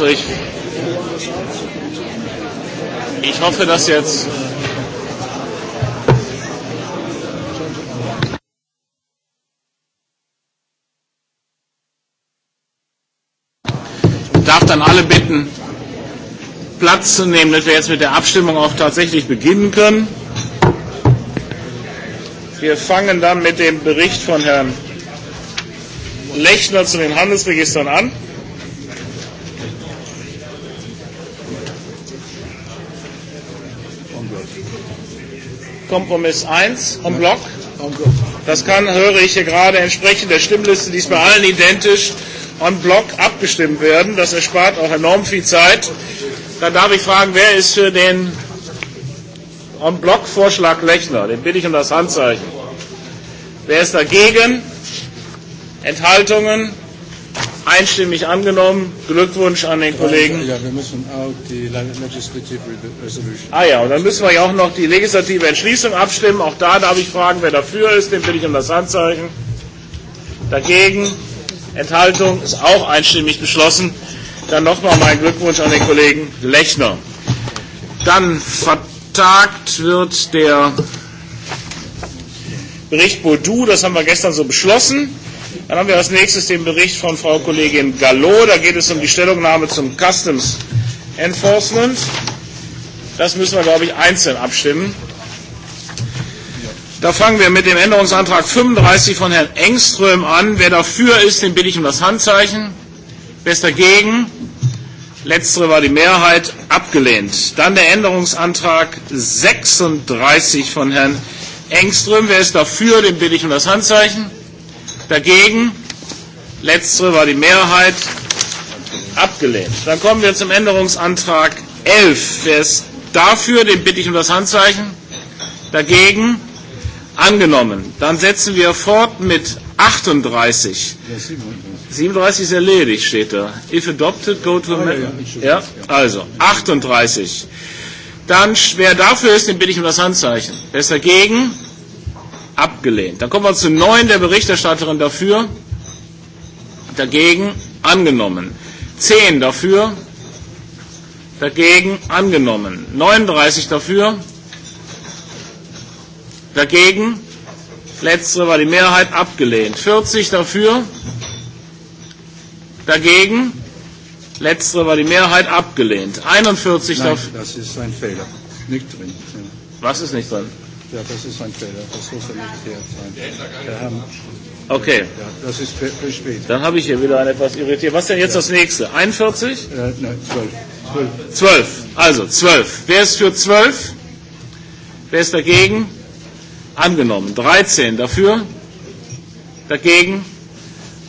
Also ich, ich hoffe, dass jetzt. Ich darf dann alle bitten, Platz zu nehmen, damit wir jetzt mit der Abstimmung auch tatsächlich beginnen können. Wir fangen dann mit dem Bericht von Herrn Lechner zu den Handelsregistern an. Kompromiss 1 en bloc. Das kann, höre ich hier gerade, entsprechend der Stimmliste, die ist bei allen identisch, en block abgestimmt werden. Das erspart auch enorm viel Zeit. Dann darf ich fragen, wer ist für den en bloc Vorschlag Lechner? Den bitte ich um das Handzeichen. Wer ist dagegen? Enthaltungen? einstimmig angenommen. Glückwunsch an den Kollegen. Ja, wir müssen auch die Legislative Resolution. Ah ja, und dann müssen wir ja auch noch die legislative Entschließung abstimmen. Auch da darf ich fragen, wer dafür ist. Den bitte ich um das Handzeichen. Dagegen. Enthaltung ist auch einstimmig beschlossen. Dann nochmal mein Glückwunsch an den Kollegen Lechner. Dann vertagt wird der Bericht Baudou, das haben wir gestern so beschlossen. Dann haben wir als nächstes den Bericht von Frau Kollegin Gallo. Da geht es um die Stellungnahme zum Customs Enforcement. Das müssen wir, glaube ich, einzeln abstimmen. Da fangen wir mit dem Änderungsantrag 35 von Herrn Engström an. Wer dafür ist, den bitte ich um das Handzeichen. Wer ist dagegen? Letztere war die Mehrheit abgelehnt. Dann der Änderungsantrag 36 von Herrn Engström. Wer ist dafür, den bitte ich um das Handzeichen. Dagegen? Letztere war die Mehrheit abgelehnt. Dann kommen wir zum Änderungsantrag 11. Wer ist dafür? Den bitte ich um das Handzeichen. Dagegen? Angenommen. Dann setzen wir fort mit 38. 37 ist erledigt, steht da. If adopted, go to amendment. Ja, also 38. Dann, wer dafür ist, den bitte ich um das Handzeichen. Wer ist dagegen? abgelehnt. Dann kommen wir zu neun der Berichterstatterin dafür, dagegen angenommen. Zehn dafür, dagegen angenommen. 39 dafür, dagegen, letztere war die Mehrheit abgelehnt. 40 dafür, dagegen, letztere war die Mehrheit abgelehnt. 41 dafür. Das ist ein Fehler. Nicht drin. Was ist nicht drin? Ja, das ist ein Fehler. Das muss ja nicht der sein. Der Herr, Okay. Ja, das ist für, für spät. Dann habe ich hier wieder eine etwas irritiert. Was denn jetzt ja. das nächste? 41? Äh, nein, 12. 12. 12. Also 12. Wer ist für 12? Wer ist dagegen? Angenommen. 13 dafür? Dagegen?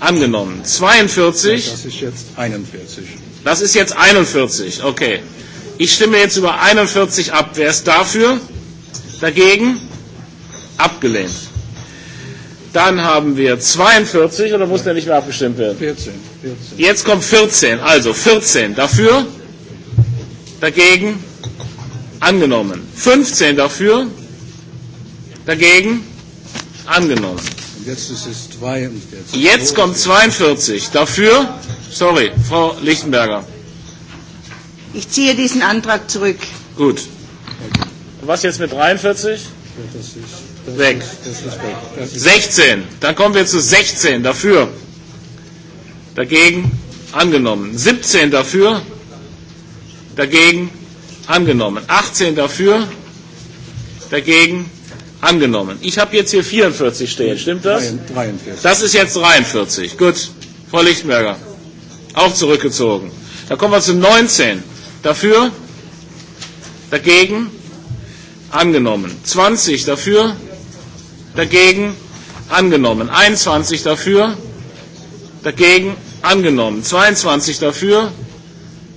Angenommen. 42? Ja, das ist jetzt 41. Das ist jetzt 41. Okay. Ich stimme jetzt über 41 ab. Wer ist dafür? Ja. Dagegen? Abgelehnt. Dann haben wir 42, oder muss der nicht mehr abgestimmt werden? 14, 14. Jetzt kommt 14, also 14 dafür, dagegen, angenommen. 15 dafür, dagegen, angenommen. Jetzt ist es 42. Jetzt kommt 42. Dafür, sorry, Frau Lichtenberger. Ich ziehe diesen Antrag zurück. Gut, Was jetzt mit 43? Das das das ist, Ist, ist 16. Dann kommen wir zu 16. Dafür. Dagegen angenommen. 17 dafür. Dagegen angenommen. 18 dafür. Dagegen angenommen. Ich habe jetzt hier 44 stehen. Stimmt das? 43. Das ist jetzt 43. Gut. Frau Lichtenberger. Auch zurückgezogen. Dann kommen wir zu 19. Dafür. Dagegen angenommen. 20 dafür, dagegen angenommen. 21 dafür, dagegen angenommen. 22 dafür,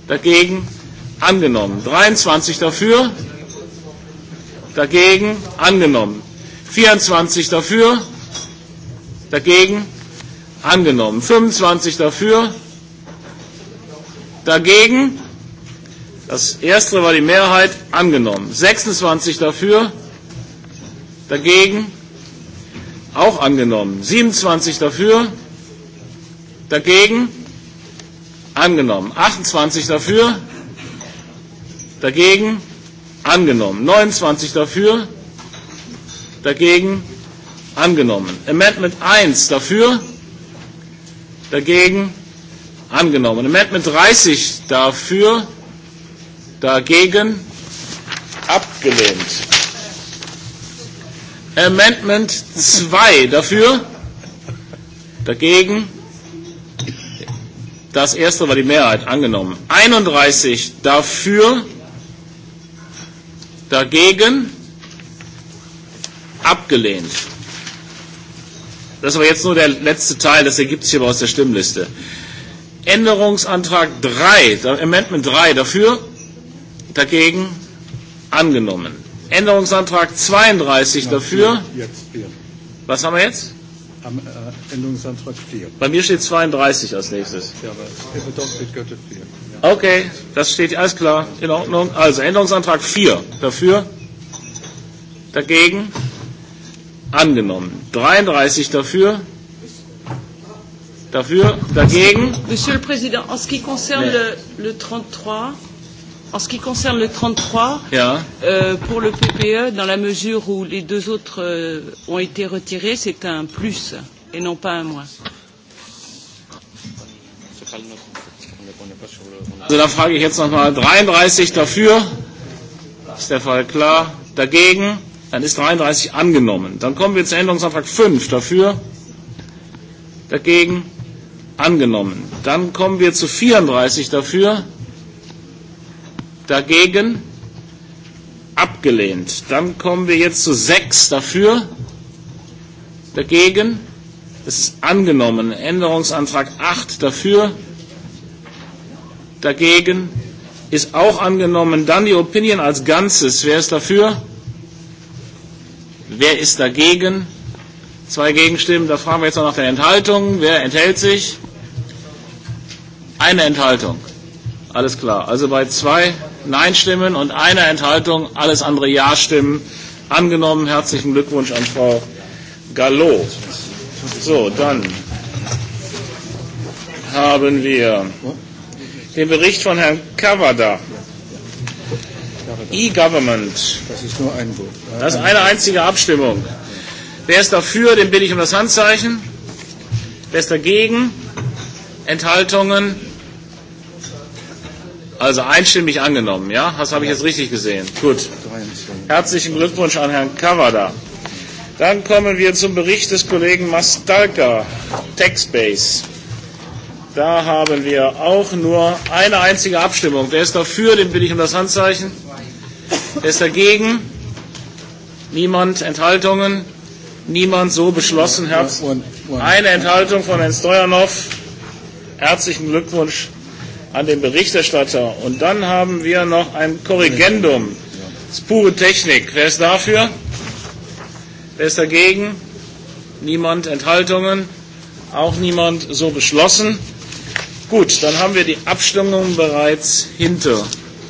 dagegen angenommen. 23 dafür, dagegen angenommen. 24 dafür, dagegen angenommen. 25 dafür, dagegen Das erste war die Mehrheit angenommen. 26 dafür, dagegen auch angenommen. 27 dafür, dagegen angenommen. 28 dafür, dagegen angenommen. 29 dafür, dagegen angenommen. Amendment 1 dafür, dagegen angenommen. Amendment 30 dafür, Dagegen? Abgelehnt. Amendment 2 dafür? Dagegen? Das erste war die Mehrheit angenommen. 31 dafür? Dagegen? Abgelehnt. Das war jetzt nur der letzte Teil, das ergibt sich aber aus der Stimmliste. Änderungsantrag 3, Amendment 3 dafür, Dagegen? Angenommen. Änderungsantrag 32 dafür. Was haben wir jetzt? Am äh, Änderungsantrag 4. Bei mir steht 32 als nächstes. Okay, das steht alles klar. In Ordnung. Also Änderungsantrag 4 dafür. Dagegen? Angenommen. 33 dafür. Dafür? Dagegen? Monsieur le Président, en ce qui concerne le, le 33, En ce qui concerne le 33, yeah. euh, pour le PPE, dans la mesure où les deux autres euh, ont été retirés, c'est un plus et non pas un moins. Also da frage ich jetzt nochmal 33 dafür. Ist der Fall klar? Dagegen? Dann ist 33 angenommen. Dann kommen wir zu Änderungsantrag 5 dafür. Dagegen? Angenommen. Dann kommen wir zu 34 dafür. Dagegen? Abgelehnt. Dann kommen wir jetzt zu 6 dafür. Dagegen? Das ist angenommen. Änderungsantrag 8 dafür. Dagegen? Ist auch angenommen. Dann die Opinion als Ganzes. Wer ist dafür? Wer ist dagegen? Zwei Gegenstimmen. Da fragen wir jetzt noch nach der Enthaltung. Wer enthält sich? Eine Enthaltung. Alles klar. Also bei zwei Nein-Stimmen und einer Enthaltung, alles andere Ja-Stimmen. Angenommen, herzlichen Glückwunsch an Frau Gallo. So, dann haben wir den Bericht von Herrn Kavada. E-Government. Das ist nur ein Buch. Das ist eine einzige Abstimmung. Wer ist dafür, den bitte ich um das Handzeichen. Wer ist dagegen? Enthaltungen? Also einstimmig angenommen, ja? Das habe ich jetzt richtig gesehen. Gut. Herzlichen Glückwunsch an Herrn Kavada. Dann kommen wir zum Bericht des Kollegen Mastalka, Techspace. Da haben wir auch nur eine einzige Abstimmung. Wer ist dafür, den bitte ich um das Handzeichen. Wer ist dagegen? Niemand. Enthaltungen? Niemand. So beschlossen. Herz. Eine Enthaltung von Herrn Stojanov. Herzlichen Glückwunsch an den Berichterstatter. Und dann haben wir noch ein Korrigendum. Das ist pure Technik. Wer ist dafür? Wer ist dagegen? Niemand. Enthaltungen? Auch niemand. So beschlossen. Gut, dann haben wir die Abstimmung bereits hinter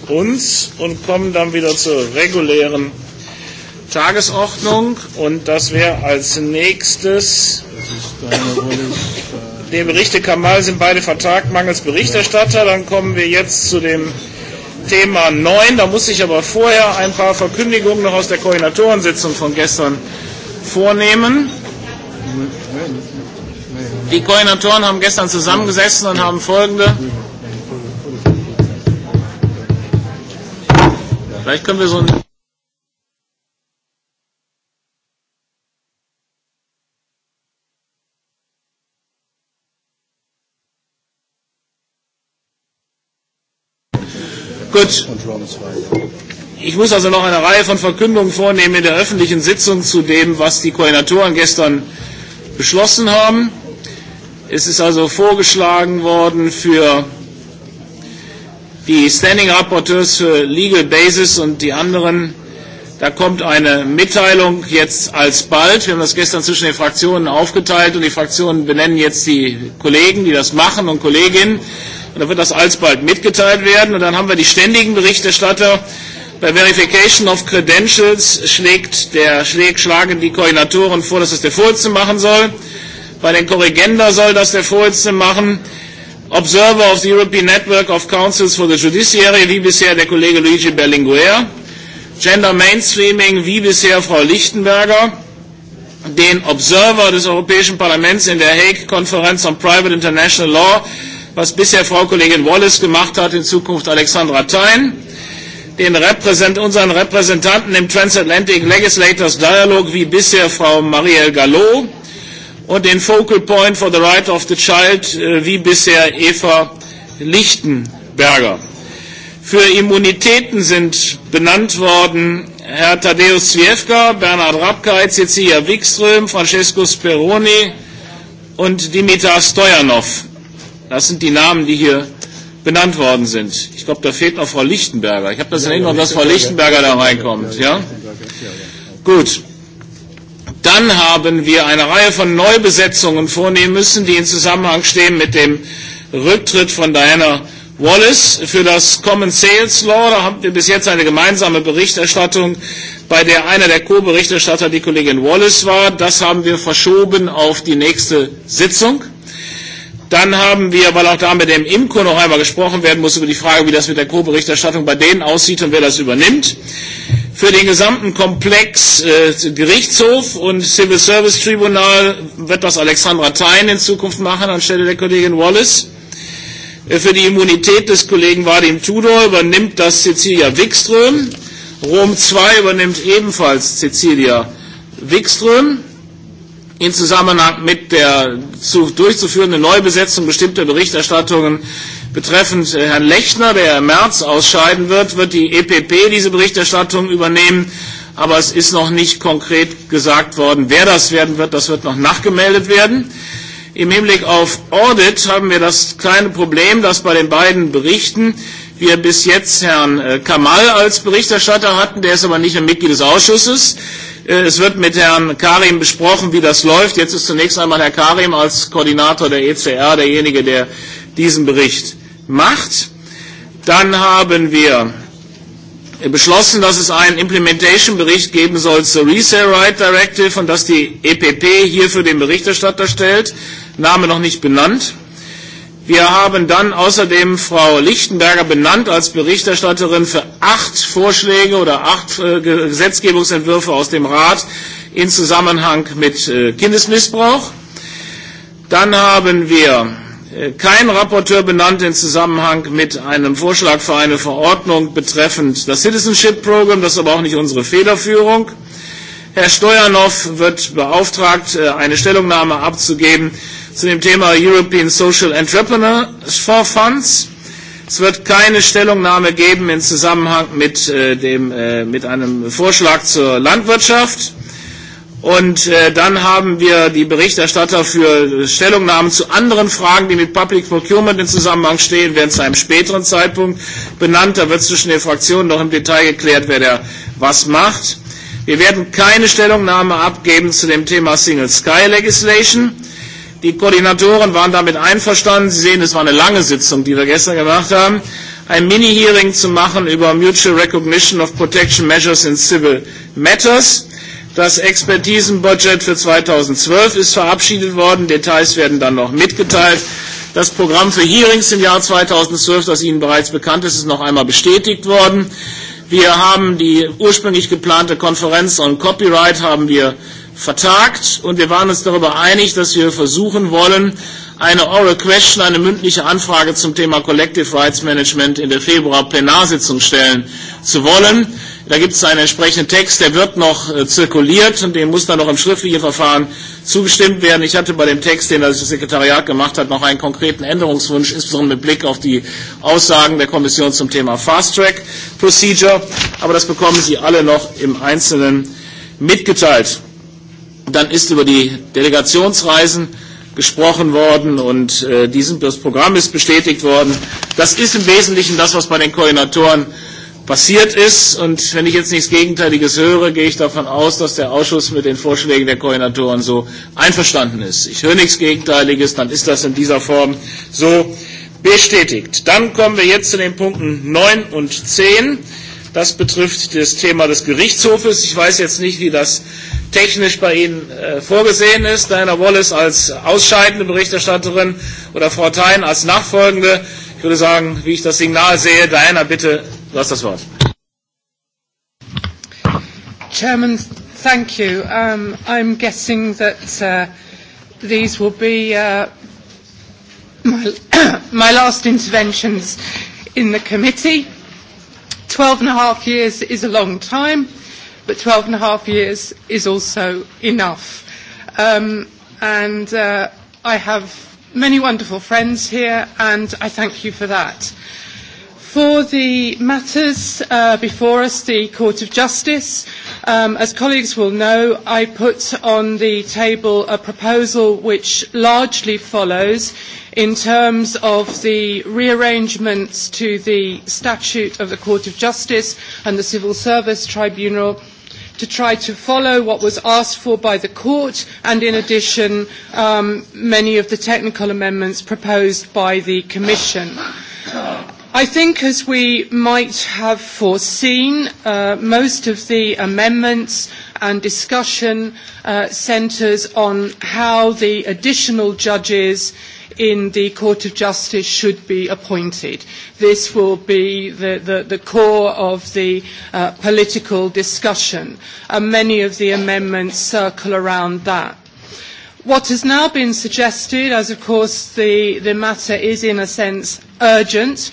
uns und kommen dann wieder zur regulären Tagesordnung. Und das wäre als nächstes. Das ist deine Rolle. Der Berichte Kamal sind beide vertagt, mangels Berichterstatter. Dann kommen wir jetzt zu dem Thema 9. Da muss ich aber vorher ein paar Verkündigungen noch aus der Koordinatorensitzung von gestern vornehmen. Die Koordinatoren haben gestern zusammengesessen und haben folgende. Vielleicht können wir so ein Gut. Ich muss also noch eine Reihe von Verkündungen vornehmen in der öffentlichen Sitzung zu dem, was die Koordinatoren gestern beschlossen haben. Es ist also vorgeschlagen worden für die Standing Rapporteurs für Legal Basis und die anderen. Da kommt eine Mitteilung jetzt alsbald. Wir haben das gestern zwischen den Fraktionen aufgeteilt und die Fraktionen benennen jetzt die Kollegen, die das machen und Kolleginnen. Und dann wird das alsbald mitgeteilt werden. Und dann haben wir die ständigen Berichterstatter. Bei Verification of Credentials schlägt der, schläg, schlagen die Koordinatoren vor, dass das der Vorsitzende machen soll. Bei den Korrigender soll das der Vorsitzende machen. Observer of the European Network of Councils for the Judiciary, wie bisher der Kollege Luigi Berlinguer. Gender Mainstreaming, wie bisher Frau Lichtenberger. Den Observer des Europäischen Parlaments in der Hague Konferenz on Private International Law was bisher Frau Kollegin Wallace gemacht hat, in Zukunft Alexandra Thein, den Repräsent unseren Repräsentanten im Transatlantic Legislators Dialogue wie bisher Frau Marielle Gallo und den Focal Point for the Right of the Child wie bisher Eva Lichtenberger. Für Immunitäten sind benannt worden Herr Tadeusz Zwiefka, Bernhard Rapkay, Cecilia Wikström, Francesco Speroni und Dimitar Stojanov. Das sind die Namen, die hier benannt worden sind. Ich glaube, da fehlt noch Frau Lichtenberger. Ich habe das in Erinnerung, dass Frau Lichtenberger da reinkommt. Ja? Gut. Dann haben wir eine Reihe von Neubesetzungen vornehmen müssen, die in Zusammenhang stehen mit dem Rücktritt von Diana Wallace für das Common Sales Law. Da haben wir bis jetzt eine gemeinsame Berichterstattung, bei der einer der Co-Berichterstatter die Kollegin Wallace war. Das haben wir verschoben auf die nächste Sitzung. Dann haben wir, weil auch da mit dem IMCO noch einmal gesprochen werden muss, über die Frage, wie das mit der Co-Berichterstattung bei denen aussieht und wer das übernimmt. Für den gesamten Komplex äh, Gerichtshof und Civil Service Tribunal wird das Alexandra Thein in Zukunft machen anstelle der Kollegin Wallace. Für die Immunität des Kollegen Vadim Tudor übernimmt das Cecilia Wikström. Rom 2 übernimmt ebenfalls Cecilia Wikström in Zusammenhang mit der zu durchzuführenden Neubesetzung bestimmter Berichterstattungen betreffend Herrn Lechner, der im März ausscheiden wird, wird die EPP diese Berichterstattung übernehmen. Aber es ist noch nicht konkret gesagt worden, wer das werden wird. Das wird noch nachgemeldet werden. Im Hinblick auf Audit haben wir das kleine Problem, dass bei den beiden Berichten wir bis jetzt Herrn Kamal als Berichterstatter hatten. Der ist aber nicht ein Mitglied des Ausschusses. Es wird mit Herrn Karim besprochen, wie das läuft. Jetzt ist zunächst einmal Herr Karim als Koordinator der ECR derjenige, der diesen Bericht macht. Dann haben wir beschlossen, dass es einen Implementation-Bericht geben soll zur Resale Right Directive und dass die EPP hierfür den Berichterstatter stellt. Name noch nicht benannt. Wir haben dann außerdem Frau Lichtenberger benannt als Berichterstatterin für acht Vorschläge oder acht Gesetzgebungsentwürfe aus dem Rat in Zusammenhang mit Kindesmissbrauch. Dann haben wir keinen Rapporteur benannt in Zusammenhang mit einem Vorschlag für eine Verordnung betreffend das Citizenship Program. Das ist aber auch nicht unsere Federführung. Herr Stojanov wird beauftragt, eine Stellungnahme abzugeben zu dem Thema European Social Entrepreneurs Funds. Es wird keine Stellungnahme geben im Zusammenhang mit, äh, dem, äh, mit einem Vorschlag zur Landwirtschaft. Und äh, dann haben wir die Berichterstatter für Stellungnahmen zu anderen Fragen, die mit Public Procurement in Zusammenhang stehen, werden zu einem späteren Zeitpunkt benannt. Da wird zwischen den Fraktionen noch im Detail geklärt, wer der was macht. Wir werden keine Stellungnahme abgeben zu dem Thema Single Sky Legislation. Äh, Die Koordinatoren waren damit einverstanden. Sie sehen, es war eine lange Sitzung, die wir gestern gemacht haben, ein Mini-Hearing zu machen über Mutual Recognition of Protection Measures in Civil Matters. Das Expertisenbudget für 2012 ist verabschiedet worden. Details werden dann noch mitgeteilt. Das Programm für Hearings im Jahr 2012, das Ihnen bereits bekannt ist, ist noch einmal bestätigt worden. Wir haben die ursprünglich geplante Konferenz on Copyright haben wir vertagt und wir waren uns darüber einig, dass wir versuchen wollen, eine Oral Question, eine mündliche Anfrage zum Thema Collective Rights Management in der Februar Plenarsitzung stellen zu wollen. Da gibt es einen entsprechenden Text, der wird noch zirkuliert und dem muss dann noch im schriftlichen Verfahren zugestimmt werden. Ich hatte bei dem Text, den das Sekretariat gemacht hat, noch einen konkreten Änderungswunsch, insbesondere mit Blick auf die Aussagen der Kommission zum Thema Fast Track Procedure. Aber das bekommen Sie alle noch im Einzelnen mitgeteilt. Dann ist über die Delegationsreisen gesprochen worden und äh, diesen, das Programm ist bestätigt worden. Das ist im Wesentlichen das, was bei den Koordinatoren passiert ist. Und wenn ich jetzt nichts Gegenteiliges höre, gehe ich davon aus, dass der Ausschuss mit den Vorschlägen der Koordinatoren so einverstanden ist. Ich höre nichts Gegenteiliges, dann ist das in dieser Form so bestätigt. Dann kommen wir jetzt zu den Punkten 9 und 10. Das betrifft das Thema des Gerichtshofes. Ich weiß jetzt nicht, wie das technisch bei Ihnen äh, vorgesehen ist. Diana Wallace als ausscheidende Berichterstatterin oder Frau Thein als nachfolgende. Ich würde sagen, wie ich das Signal sehe, Diana, bitte, du hast das Wort. Chairman, thank you. Um, I'm guessing that uh, these will be uh, my, my last interventions in the committee. Twelve and a half years is a long time, but twelve and a half years is also enough. Um, and uh, I have many wonderful friends here, and I thank you for that. For the matters uh, before us, the Court of Justice, um, as colleagues will know, I put on the table a proposal which largely follows in terms of the rearrangements to the statute of the Court of Justice and the Civil Service Tribunal to try to follow what was asked for by the court and in addition many of the technical amendments proposed by the commission I think, as we might have foreseen, uh, most of the amendments and discussion uh, centres on how the additional judges in the Court of Justice should be appointed. This will be the, the, the core of the uh, political discussion, and many of the amendments circle around that. What has now been suggested, as of course the, the matter is in a sense urgent,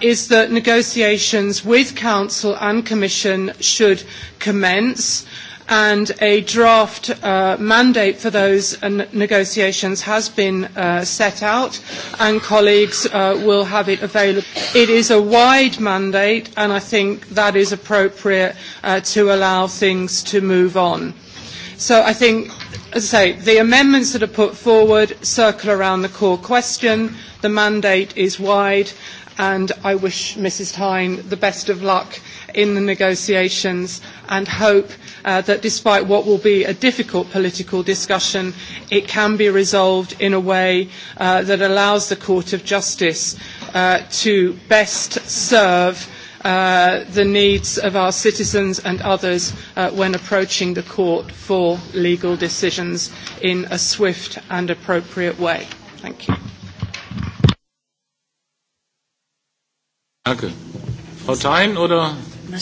is that negotiations with Council and Commission should commence and a draft mandate for those negotiations has been set out and colleagues will have it available. It is a wide mandate and I think that is appropriate to allow things to move on. So I think, as I say, the amendments that are put forward circle around the core question. The mandate is wide and I wish Mrs. Tyne the best of luck in the negotiations and hope that despite what will be a difficult political discussion, it can be resolved in a way that allows the Court of Justice to best serve the needs of our citizens and others when approaching the court for legal decisions in a swift and appropriate way. Thank you. Danke. Frau Thein oder?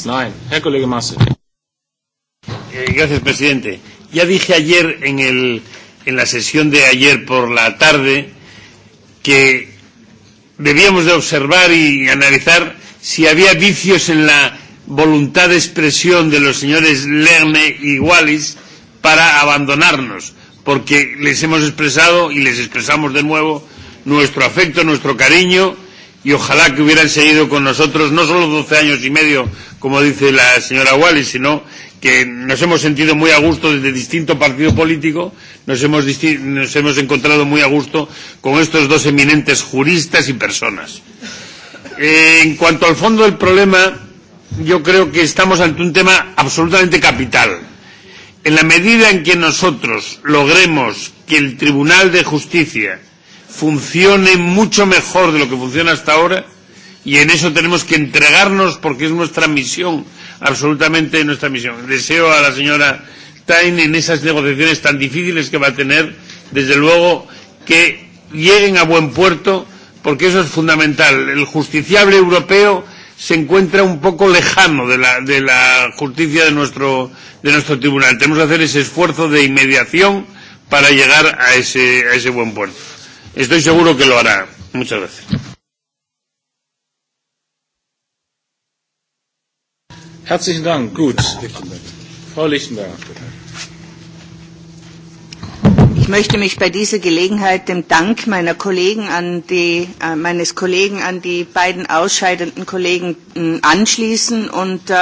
Nein, Herr Kollege Masse. Gracias, presidente. Ya dije ayer en, el, en la sesión de ayer por la tarde que debíamos de observar y analizar si había vicios en la voluntad de expresión de los señores Lerne y Wallis para abandonarnos, porque les hemos expresado y les expresamos de nuevo nuestro afecto, nuestro cariño y ojalá que hubieran seguido con nosotros no solo 12 años y medio, como dice la señora Wallis, sino que nos hemos sentido muy a gusto desde distinto partido político, nos hemos, nos hemos encontrado muy a gusto con estos dos eminentes juristas y personas. Eh, en cuanto al fondo del problema, yo creo que estamos ante un tema absolutamente capital. En la medida en que nosotros logremos que el Tribunal de Justicia funcione mucho mejor de lo que funciona hasta ahora y en eso tenemos que entregarnos porque es nuestra misión, absolutamente nuestra misión. Deseo a la señora Tain en esas negociaciones tan difíciles que va a tener, desde luego, que lleguen a buen puerto porque eso es fundamental. El justiciable europeo se encuentra un poco lejano de la, de la justicia de nuestro, de nuestro tribunal. Tenemos que hacer ese esfuerzo de inmediación para llegar a ese, a ese buen puerto. Estoy seguro que lo hará. Muchas gracias. Herzlichen Dank. Gut. Frau Lichtenberger. Ich möchte mich bei dieser Gelegenheit dem Dank meiner Kollegen an die, äh, meines Kollegen an die beiden ausscheidenden Kollegen äh, anschließen und äh,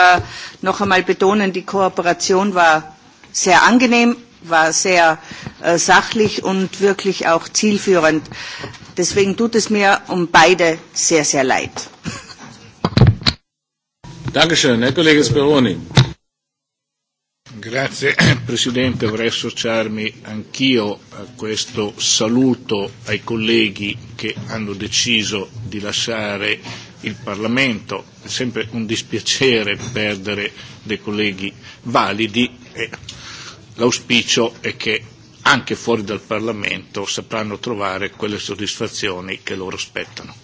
noch einmal betonen, die Kooperation war sehr angenehm, war sehr äh, sachlich und wirklich auch zielführend. Deswegen tut es mir um beide sehr, sehr leid. Dankeschön, Herr Kollege Speroni. Grazie Presidente, vorrei associarmi anch'io a questo saluto ai colleghi che hanno deciso di lasciare il Parlamento. È sempre un dispiacere perdere dei colleghi validi e l'auspicio è che anche fuori dal Parlamento sapranno trovare quelle soddisfazioni che loro aspettano.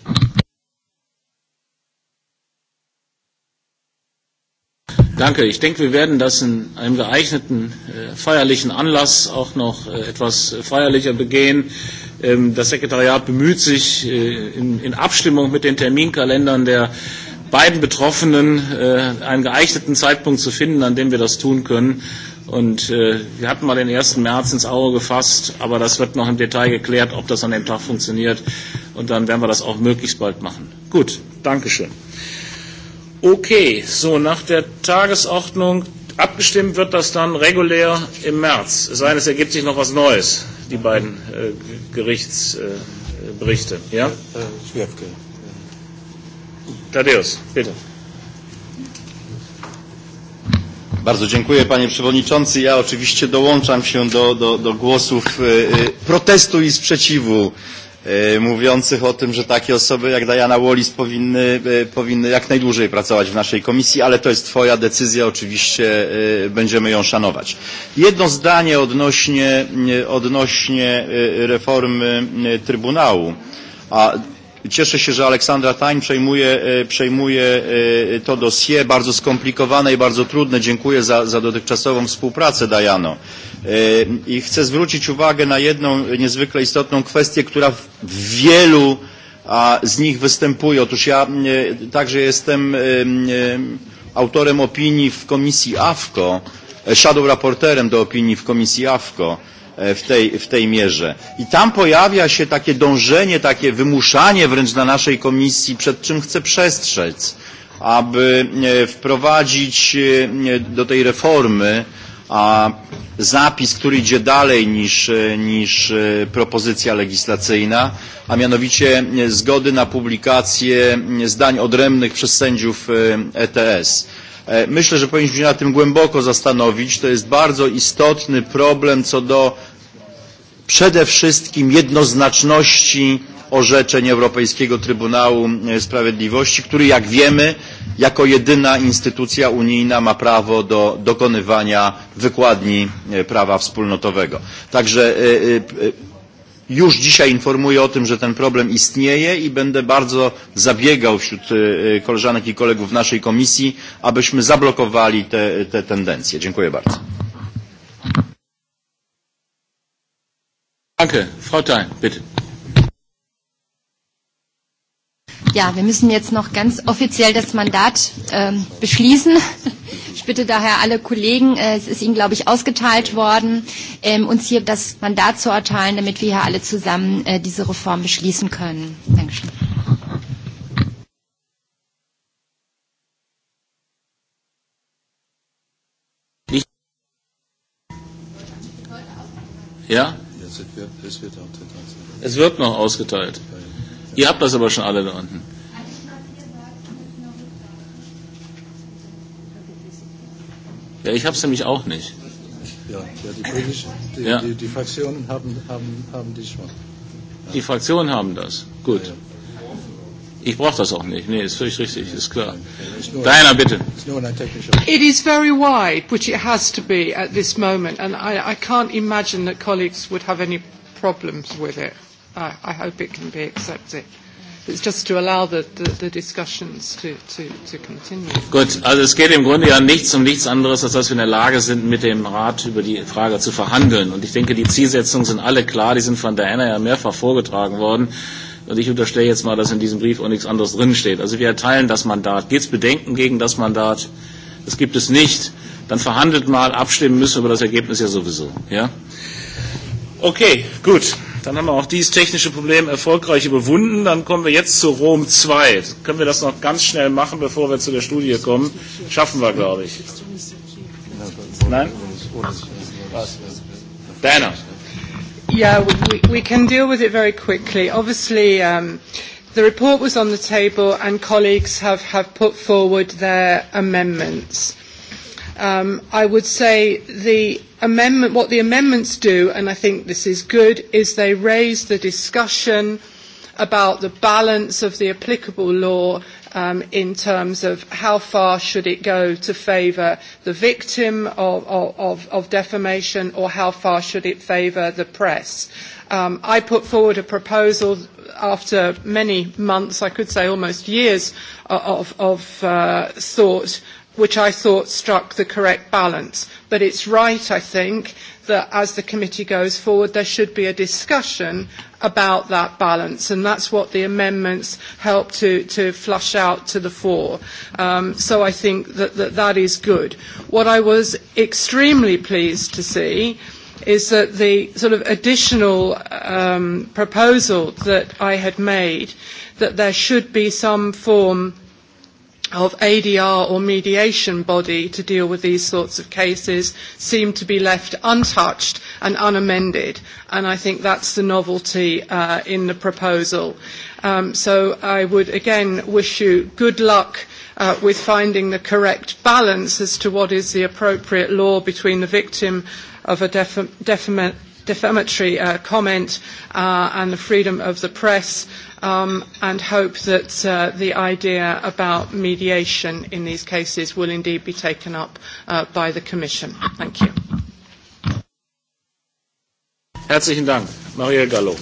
Danke. Ich denke, wir werden das in einem geeigneten äh, feierlichen Anlass auch noch äh, etwas feierlicher begehen. Ähm, das Sekretariat bemüht sich äh, in, in Abstimmung mit den Terminkalendern der beiden Betroffenen äh, einen geeigneten Zeitpunkt zu finden, an dem wir das tun können. Und äh, wir hatten mal den 1. März ins Auge gefasst, aber das wird noch im Detail geklärt, ob das an dem Tag funktioniert. Und dann werden wir das auch möglichst bald machen. Gut, Dankeschön. Okay, so nach der Tagesordnung abgestimmt wird das dann regulär im März. Es sei denn, es ergibt sich noch was Neues, die beiden äh, Gerichtsberichte. Äh, ja? Tadeus, bitte. Bardzo dziękuję panie przewodniczący. Ja oczywiście dołączam się do, do, do głosów protestu i sprzeciwu mówiących o tym, że takie osoby jak Diana Wallis powinny, powinny jak najdłużej pracować w naszej komisji, ale to jest Twoja decyzja, oczywiście będziemy ją szanować. Jedno zdanie odnośnie, odnośnie reformy Trybunału. A Cieszę się, że Aleksandra Tań przejmuje, przejmuje to dossier bardzo skomplikowane i bardzo trudne. Dziękuję za, za dotychczasową współpracę, Dajano. I chcę zwrócić uwagę na jedną niezwykle istotną kwestię, która w wielu z nich występuje. Otóż ja także jestem autorem opinii w komisji AFKO, shadow raporterem do opinii w komisji AFKO w tej, w tej mierze. I tam pojawia się takie dążenie, takie wymuszanie wręcz na naszej komisji, przed czym chcę przestrzec, aby wprowadzić do tej reformy a zapis, który idzie dalej niż, niż propozycja legislacyjna, a mianowicie zgody na publikację zdań odrębnych przez sędziów ETS. Myślę, że powinniśmy się na tym głęboko zastanowić. To jest bardzo istotny problem co do przede wszystkim jednoznaczności orzeczeń Europejskiego Trybunału Sprawiedliwości, który jak wiemy jako jedyna instytucja unijna ma prawo do dokonywania wykładni prawa wspólnotowego. Także już dzisiaj informuję o tym, że ten problem istnieje i będę bardzo zabiegał wśród koleżanek i kolegów naszej komisji, abyśmy zablokowali te, te tendencje. Dziękuję bardzo. Danke. Frau Thein, bitte. Ja, wir müssen jetzt noch ganz offiziell das Mandat ähm, beschließen. Ich bitte daher alle Kollegen, äh, es ist Ihnen, glaube ich, ausgeteilt worden, ähm, uns hier das Mandat zu erteilen, damit wir hier alle zusammen äh, diese Reform beschließen können. Dankeschön. Ja? Es wird noch ausgeteilt. Ihr habt das aber schon alle da unten. Ja, ich habe es nämlich auch nicht. Ja, ja, die, British, die, ja. die, die Fraktionen haben, haben, haben die schon. Ja. Die Fraktionen haben das. Gut. Ja, ja. Ich brauche das auch nicht. Nee, ist völlig richtig, ist klar. Diana, bitte. It is very wide, which it has to be at this moment, and I, I can't imagine that colleagues would have any problems with it. I, I hope it can be accepted. It's just to allow the, the, the discussions to, to, to continue. Gut, also es geht im Grunde ja nichts um nichts anderes, als dass wir in der Lage sind, mit dem Rat über die Frage zu verhandeln. Und ich denke, die Zielsetzungen sind alle klar, die sind von Diana ja mehrfach vorgetragen worden. Und ich unterstelle jetzt mal, dass in diesem Brief auch nichts anderes drinsteht. Also wir erteilen das Mandat. Gibt es Bedenken gegen das Mandat? Das gibt es nicht. Dann verhandelt mal, abstimmen müssen wir über das Ergebnis ja sowieso. Ja? Okay, gut. Dann haben wir auch dieses technische Problem erfolgreich überwunden. Dann kommen wir jetzt zu Rom 2. Können wir das noch ganz schnell machen, bevor wir zu der Studie kommen? Schaffen wir, glaube ich. Nein? Dana. Yeah, we, we can deal with it very quickly. Obviously, um, the report was on the table and colleagues have, have put forward their amendments. Um, I would say the amendment, what the amendments do, and I think this is good, is they raise the discussion about the balance of the applicable law um, in terms of how far should it go to favour the victim of, of, of defamation or how far should it favour the press. Um, I put forward a proposal after many months, I could say almost years, of, of uh, thought which I thought struck the correct balance. But it's right, I think, that as the committee goes forward, there should be a discussion about that balance, and that's what the amendments help to, to flush out to the fore. Um, so I think that, that that is good. What I was extremely pleased to see is that the sort of additional um, proposal that I had made that there should be some form of ADR or mediation body to deal with these sorts of cases seem to be left untouched and unamended. And I think that's the novelty uh, in the proposal. Um, so I would again wish you good luck uh, with finding the correct balance as to what is the appropriate law between the victim of a defamation defamatory uh, comment uh, and the freedom of the press um, and hope that uh, the idea about mediation in these cases will indeed be taken up uh, by the Commission. Thank you. Herzlichen Dank. Marielle Gallo.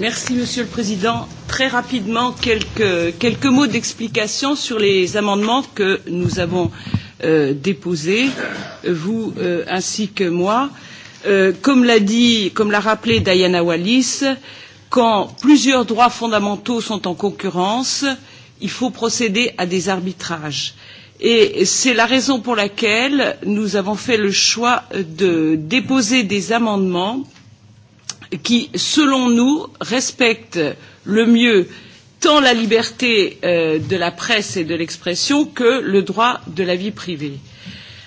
Merci, Monsieur le Président. Très rapidement, quelques, mots d'explication sur les amendements que nous avons déposés, vous ainsi que moi. Euh, comme l'a dit, comme l'a rappelé Diana Wallis, quand plusieurs droits fondamentaux sont en concurrence, il faut procéder à des arbitrages. Et c'est la raison pour laquelle nous avons fait le choix de déposer des amendements qui, selon nous, respectent le mieux tant la liberté de la presse et de l'expression que le droit de la vie privée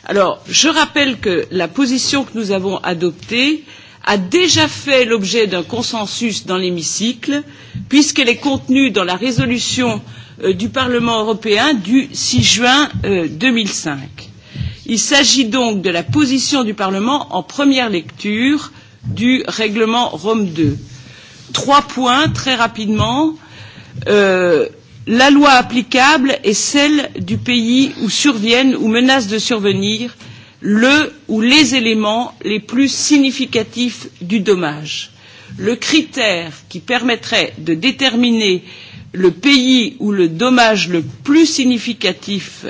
Alors, je rappelle que la position que nous avons adoptée a déjà fait l'objet d'un consensus dans l'hémicycle, puisqu'elle est contenue dans la résolution du Parlement européen du six juin deux mille cinq. Il s'agit donc de la position du Parlement en première lecture du règlement Rome II. Trois points très rapidement. Euh, la loi applicable est celle du pays où surviennent ou menacent de survenir le ou les éléments les plus significatifs du dommage. Le critère qui permettrait de déterminer le pays où le dommage le plus significatif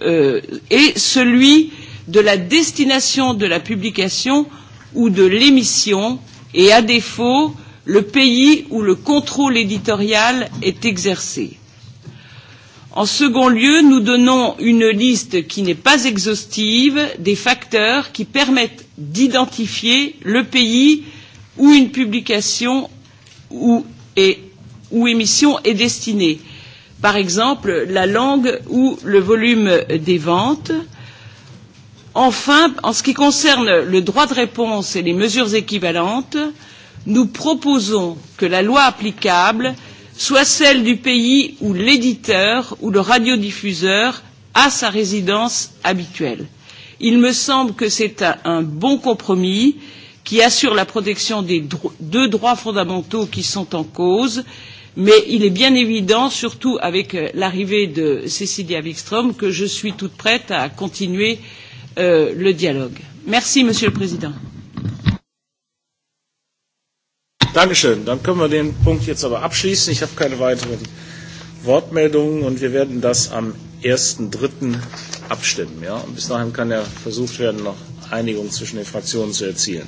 euh, est celui de la destination de la publication ou de l'émission et, à défaut, euh, le pays où le contrôle éditorial est exercé. En second lieu, nous donnons une liste qui n'est pas exhaustive des facteurs qui permettent d'identifier le pays où une publication ou, émission est destinée. Par exemple, la langue ou le volume des ventes. Enfin, en ce qui concerne le droit de réponse et les mesures équivalentes, euh, nous proposons que la loi applicable soit celle du pays où l'éditeur ou le radiodiffuseur a sa résidence habituelle. Il me semble que c'est un bon compromis qui assure la protection des deux droits fondamentaux qui sont en cause, mais il est bien évident, surtout avec l'arrivée de Cecilia Wikström, que je suis toute prête à continuer le dialogue. Merci, Monsieur le Président. Dankeschön. Dann können wir den Punkt jetzt aber abschließen. Ich habe keine weiteren Wortmeldungen und wir werden das am 1.3. abstimmen. Ja? Und bis dahin kann ja versucht werden, noch Einigung zwischen den Fraktionen zu erzielen.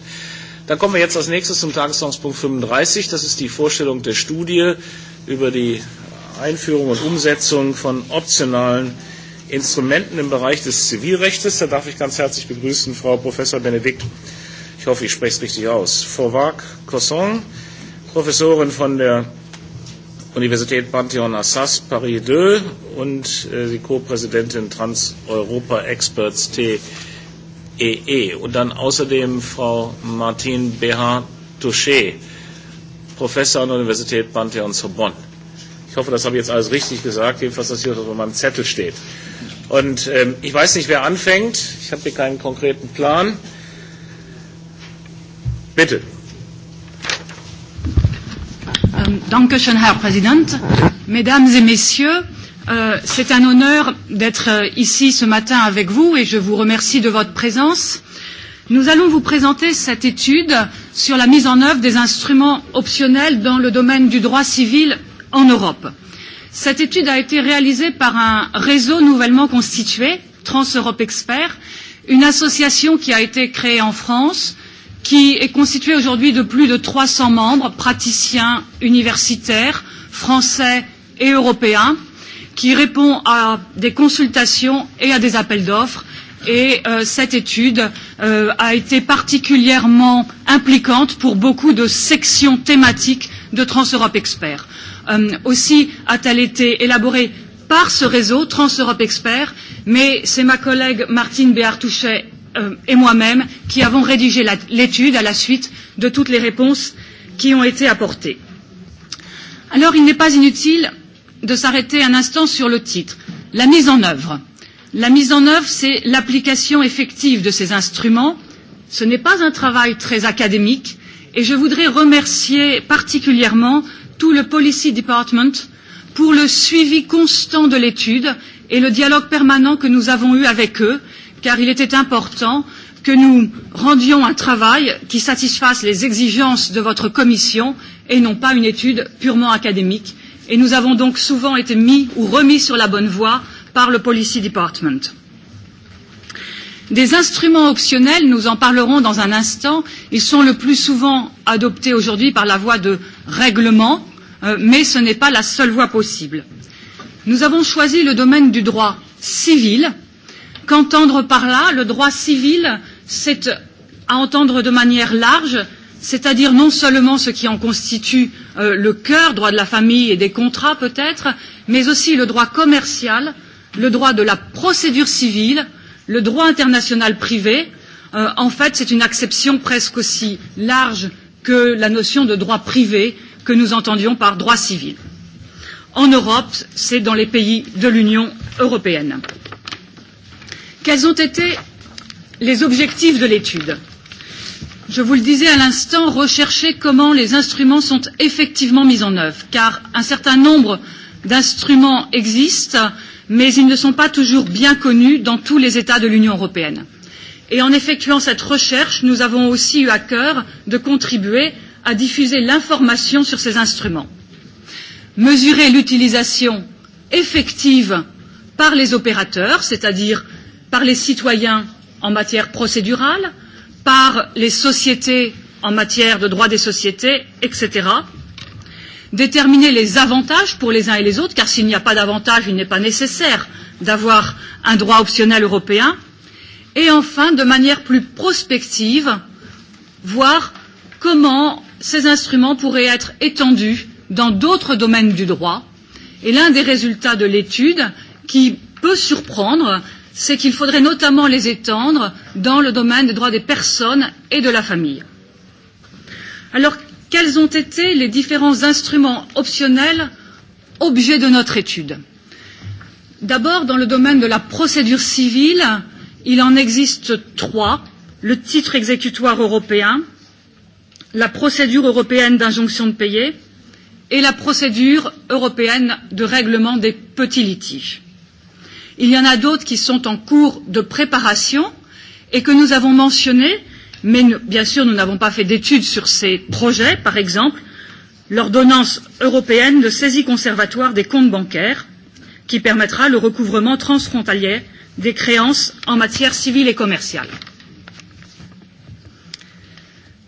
Dann kommen wir jetzt als nächstes zum Tagesordnungspunkt 35. Das ist die Vorstellung der Studie über die Einführung und Umsetzung von optionalen Instrumenten im Bereich des Zivilrechts. Da darf ich ganz herzlich begrüßen Frau Professor Benedikt ich hoffe, ich spreche es richtig aus, Fauvac Cosson, Professorin von der Universität Pantheon Assas Paris 2 und äh, die Co-Präsidentin Trans-Europa Experts TEE. Und dann außerdem Frau Martine Behar-Touché, Professor an der Universität Pantheon Sorbonne. Ich hoffe, das habe ich jetzt alles richtig gesagt, jedenfalls das hier auf meinem Zettel steht. Und ähm, ich weiß nicht, wer anfängt. Ich habe hier keinen konkreten Plan. Äh, Bitte. Danke schön, Herr Präsident. Mesdames et Messieurs, c'est un honneur d'être ici ce matin avec vous et je vous remercie de votre présence. Nous allons vous présenter cette étude sur la mise en œuvre des instruments optionnels dans le domaine du droit civil en Europe. Cette étude a été réalisée par un réseau nouvellement constitué, Trans-Europe Experts, une association qui a été créée en France qui est constitué aujourd'hui de plus de 300 membres, praticiens, universitaires, français et européens, qui répond à des consultations et à des appels d'offres. Et euh, cette étude euh, a été particulièrement impliquante pour beaucoup de sections thématiques de Transeurope Expert. Euh, aussi a-t-elle été élaborée par ce réseau Transeurope Expert, mais c'est ma collègue Martine Béartouchet euh, et moi-même qui avons rédigé l'étude à la suite de toutes les réponses qui ont été apportées. Alors il n'est pas inutile de s'arrêter un instant sur le titre, la mise en œuvre. La mise en œuvre, c'est l'application effective de ces instruments. Ce n'est pas un travail très académique et je voudrais remercier particulièrement tout le Policy Department pour le suivi constant de l'étude et le dialogue permanent que nous avons eu avec eux car il était important que nous rendions un travail qui satisfasse les exigences de votre commission et non pas une étude purement académique. Et nous avons donc souvent été mis ou remis sur la bonne voie par le Policy Department. Des instruments optionnels, nous en parlerons dans un instant, ils sont le plus souvent adoptés aujourd'hui par la voie de règlement, mais ce n'est pas la seule voie possible. Nous avons choisi le domaine du droit civil Qu'entendre par là Le droit civil, c'est à entendre de manière large, c'est-à-dire non seulement ce qui en constitue euh, le cœur, droit de la famille et des contrats peut-être, mais aussi le droit commercial, le droit de la procédure civile, le droit international privé. Euh, en fait, c'est une acception presque aussi large que la notion de droit privé que nous entendions par droit civil. En Europe, c'est dans les pays de l'Union européenne. Quels ont été les objectifs de l'étude Je vous le disais à l'instant, rechercher comment les instruments sont effectivement mis en œuvre, car un certain nombre d'instruments existent, mais ils ne sont pas toujours bien connus dans tous les États de l'Union européenne. Et en effectuant cette recherche, nous avons aussi eu à cœur de contribuer à diffuser l'information sur ces instruments. Mesurer l'utilisation effective par les opérateurs, c'est-à-dire par les citoyens en matière procédurale, par les sociétés en matière de droit des sociétés, etc. Déterminer les avantages pour les uns et les autres, car s'il n'y a pas d'avantage, il n'est pas nécessaire d'avoir un droit optionnel européen. Et enfin, de manière plus prospective, voir comment ces instruments pourraient être étendus dans d'autres domaines du droit. Et l'un des résultats de l'étude qui peut surprendre, c'est qu'il faudrait notamment les étendre dans le domaine des droits des personnes et de la famille. Alors, quels ont été les différents instruments optionnels objets de notre étude D'abord, dans le domaine de la procédure civile, il en existe trois le titre exécutoire européen, la procédure européenne d'injonction de payer et la procédure européenne de règlement des petits litiges. Il y en a d'autres qui sont en cours de préparation et que nous avons mentionnés, mais bien sûr nous n'avons pas fait d'études sur ces projets, par exemple l'ordonnance européenne de saisie conservatoire des comptes bancaires qui permettra le recouvrement transfrontalier des créances en matière civile et commerciale.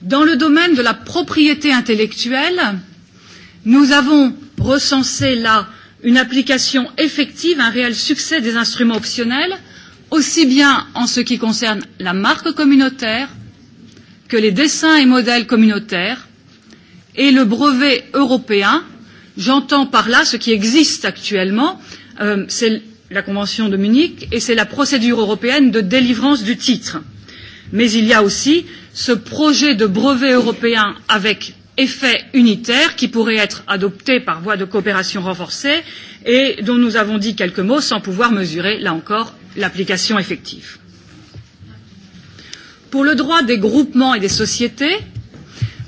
Dans le domaine de la propriété intellectuelle, nous avons recensé là une application effective, un réel succès des instruments optionnels, aussi bien en ce qui concerne la marque communautaire que les dessins et modèles communautaires et le brevet européen. J'entends par là ce qui existe actuellement, euh, c'est la Convention de Munich et c'est la procédure européenne de délivrance du titre. Mais il y a aussi ce projet de brevet européen avec effet unitaire qui pourrait être adopté par voie de coopération renforcée et dont nous avons dit quelques mots sans pouvoir mesurer, là encore, l'application effective. Pour le droit des groupements et des sociétés,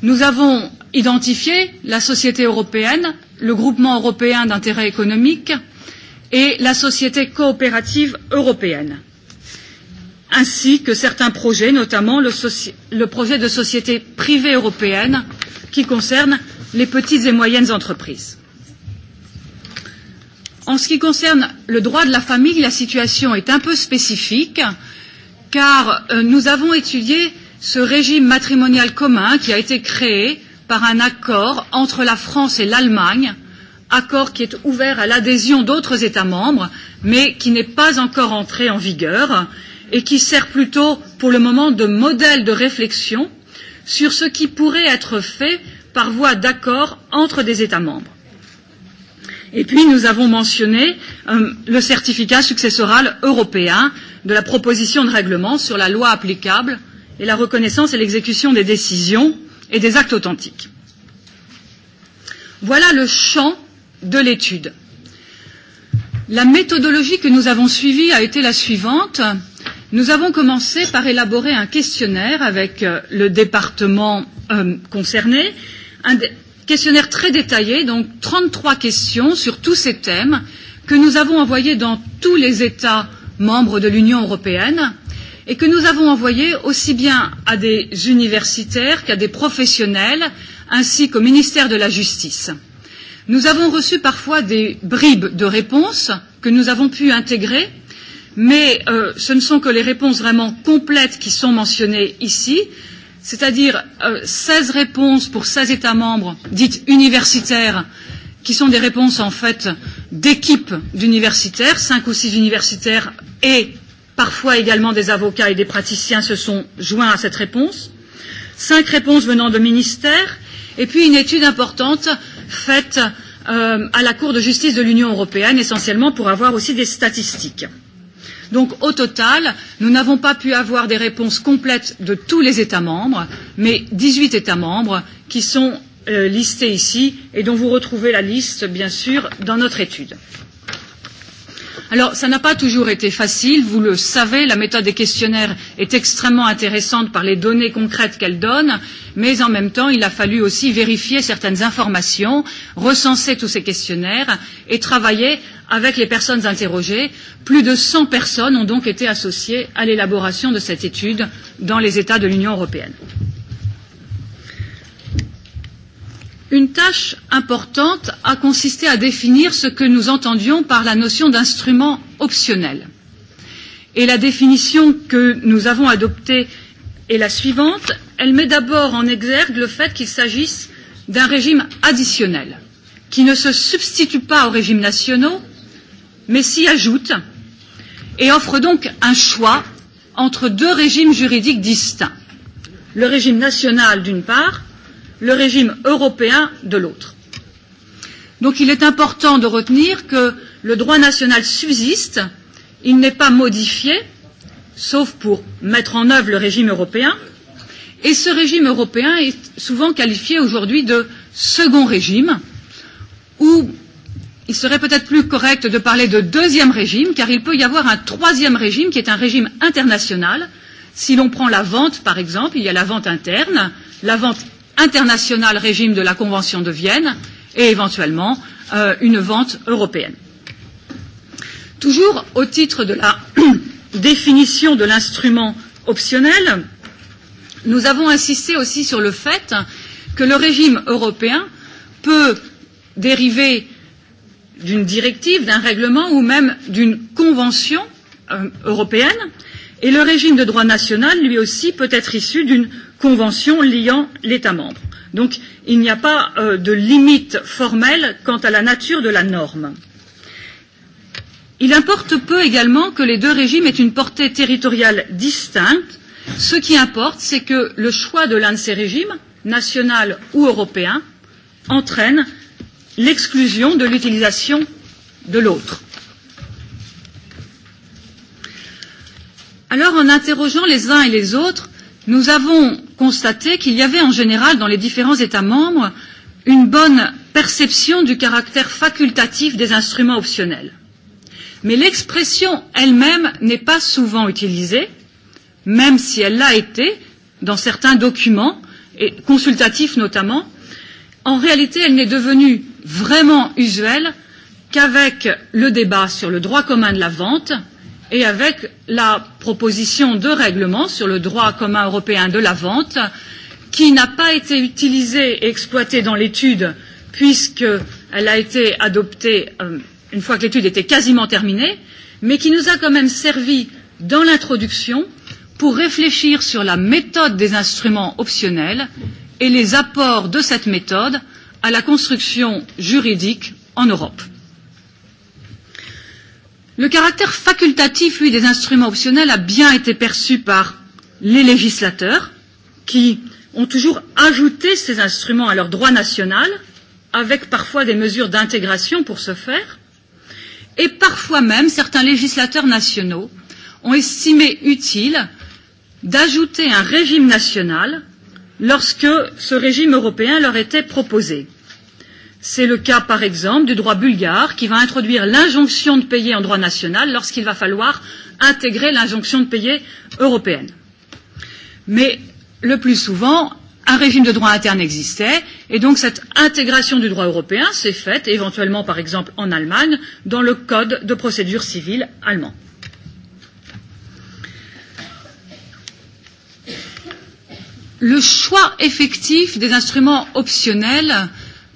nous avons identifié la société européenne, le groupement européen d'intérêt économique et la société coopérative européenne, ainsi que certains projets, notamment le, projet de société privée européenne qui concerne les petites et moyennes entreprises. En ce qui concerne le droit de la famille, la situation est un peu spécifique car euh, nous avons étudié ce régime matrimonial commun qui a été créé par un accord entre la France et l'Allemagne, accord qui est ouvert à l'adhésion d'autres États membres, mais qui n'est pas encore entré en vigueur et qui sert plutôt pour le moment de modèle de réflexion sur ce qui pourrait être fait par voie d'accord entre des États membres. Et puis nous avons mentionné euh, le certificat successoral européen de la proposition de règlement sur la loi applicable et la reconnaissance et l'exécution des décisions et des actes authentiques. Voilà le champ de l'étude. La méthodologie que nous avons suivie a été la suivante Nous avons commencé par élaborer un questionnaire avec le département euh, concerné, un questionnaire très détaillé, donc 33 questions sur tous ces thèmes que nous avons envoyés dans tous les États membres de l'Union européenne et que nous avons envoyés aussi bien à des universitaires qu'à des professionnels ainsi qu'au ministère de la Justice. Nous avons reçu parfois des bribes de réponses que nous avons pu intégrer mais euh, ce ne sont que les réponses vraiment complètes qui sont mentionnées ici, c'est-à-dire euh, 16 réponses pour 16 États membres dites universitaires qui sont des réponses en fait d'équipes d'universitaires, cinq ou six universitaires et parfois également des avocats et des praticiens se sont joints à cette réponse, cinq réponses venant de ministères, et puis une étude importante faite euh, à la Cour de justice de l'Union européenne, essentiellement pour avoir aussi des statistiques. Donc au total, nous n'avons pas pu avoir des réponses complètes de tous les États membres, mais 18 États membres qui sont listés ici et dont vous retrouvez la liste, bien sûr, dans notre étude. Alors, ça n'a pas toujours été facile, vous le savez, la méthode des questionnaires est extrêmement intéressante par les données concrètes qu'elle donne, mais en même temps, il a fallu aussi vérifier certaines informations, recenser tous ces questionnaires et travailler avec les personnes interrogées. Plus de 100 personnes ont donc été associées à l'élaboration de cette étude dans les États de l'Union européenne. Une tâche importante a consisté à définir ce que nous entendions par la notion d'instrument optionnel. Et la définition que nous avons adoptée est la suivante. Elle met d'abord en exergue le fait qu'il s'agisse d'un régime additionnel, qui ne se substitue pas aux régimes nationaux, mais s'y ajoute et offre donc un choix entre deux régimes juridiques distincts. Le régime national d'une part le régime européen de l'autre. Donc il est important de retenir que le droit national subsiste, il n'est pas modifié, sauf pour mettre en œuvre le régime européen, et ce régime européen est souvent qualifié aujourd'hui de second régime, ou il serait peut-être plus correct de parler de deuxième régime, car il peut y avoir un troisième régime qui est un régime international. Si l'on prend la vente, par exemple, il y a la vente interne, la vente international régime de la Convention de Vienne et éventuellement euh, une vente européenne. Toujours au titre de la définition de l'instrument optionnel, nous avons insisté aussi sur le fait que le régime européen peut dériver d'une directive, d'un règlement ou même d'une convention euh, européenne, et le régime de droit national, lui aussi, peut être issu d'une convention liant l'État membre. Donc il n'y a pas euh, de limite formelle quant à la nature de la norme. Il importe peu également que les deux régimes aient une portée territoriale distincte. Ce qui importe, c'est que le choix de l'un de ces régimes, national ou européen, entraîne l'exclusion de l'utilisation de l'autre. Alors, en interrogeant les uns et les autres, nous avons constater qu'il y avait en général dans les différents États membres une bonne perception du caractère facultatif des instruments optionnels. Mais l'expression elle-même n'est pas souvent utilisée, même si elle l'a été dans certains documents, et consultatifs notamment. En réalité, elle n'est devenue vraiment usuelle qu'avec le débat sur le droit commun de la vente, et avec la proposition de règlement sur le droit commun européen de la vente, qui n'a pas été utilisée et exploitée dans l'étude, puisqu'elle a été adoptée une fois que l'étude était quasiment terminée, mais qui nous a quand même servi dans l'introduction pour réfléchir sur la méthode des instruments optionnels et les apports de cette méthode à la construction juridique en Europe. Le caractère facultatif, lui, des instruments optionnels a bien été perçu par les législateurs, qui ont toujours ajouté ces instruments à leur droit national, avec parfois des mesures d'intégration pour ce faire, et parfois même certains législateurs nationaux ont estimé utile d'ajouter un régime national lorsque ce régime européen leur était proposé. C'est le cas, par exemple, du droit bulgare, qui va introduire l'injonction de payer en droit national lorsqu'il va falloir intégrer l'injonction de payer européenne. Mais le plus souvent, un régime de droit interne existait, et donc cette intégration du droit européen s'est faite éventuellement, par exemple, en Allemagne, dans le code de procédure civile allemand. Le choix effectif des instruments optionnels euh,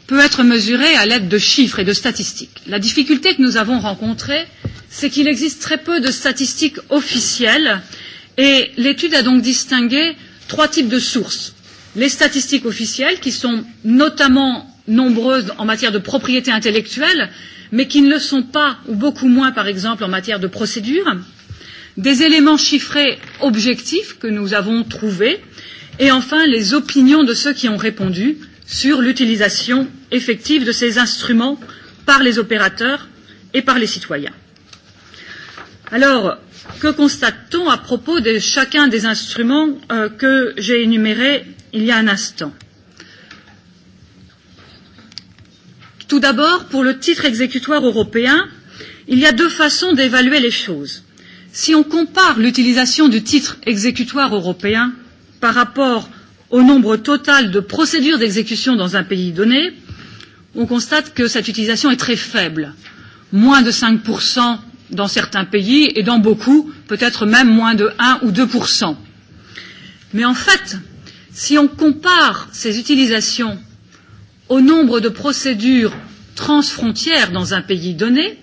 peut être mesurée à l'aide de chiffres et de statistiques. La difficulté que nous avons rencontrée, c'est qu'il existe très peu de statistiques officielles et l'étude a donc distingué trois types de sources. Les statistiques officielles, qui sont notamment nombreuses en matière de propriété intellectuelle, mais qui ne le sont pas, ou beaucoup moins, par exemple, en matière de procédure, des éléments chiffrés objectifs que nous avons trouvés, et enfin les opinions de ceux qui ont répondu, sur l'utilisation effective de ces instruments par les opérateurs et par les citoyens. Alors, que constate-t-on à propos de chacun des instruments euh, que j'ai énumérés il y a un instant Tout d'abord, pour le titre exécutoire européen, il y a deux façons d'évaluer les choses. Si on compare l'utilisation du titre exécutoire européen par rapport à au nombre total de procédures d'exécution dans un pays donné, on constate que cette utilisation est très faible, moins de 5% dans certains pays et dans beaucoup, peut-être même moins de 1 ou 2%. Mais en fait, si on compare ces utilisations au nombre de procédures transfrontières dans un pays donné,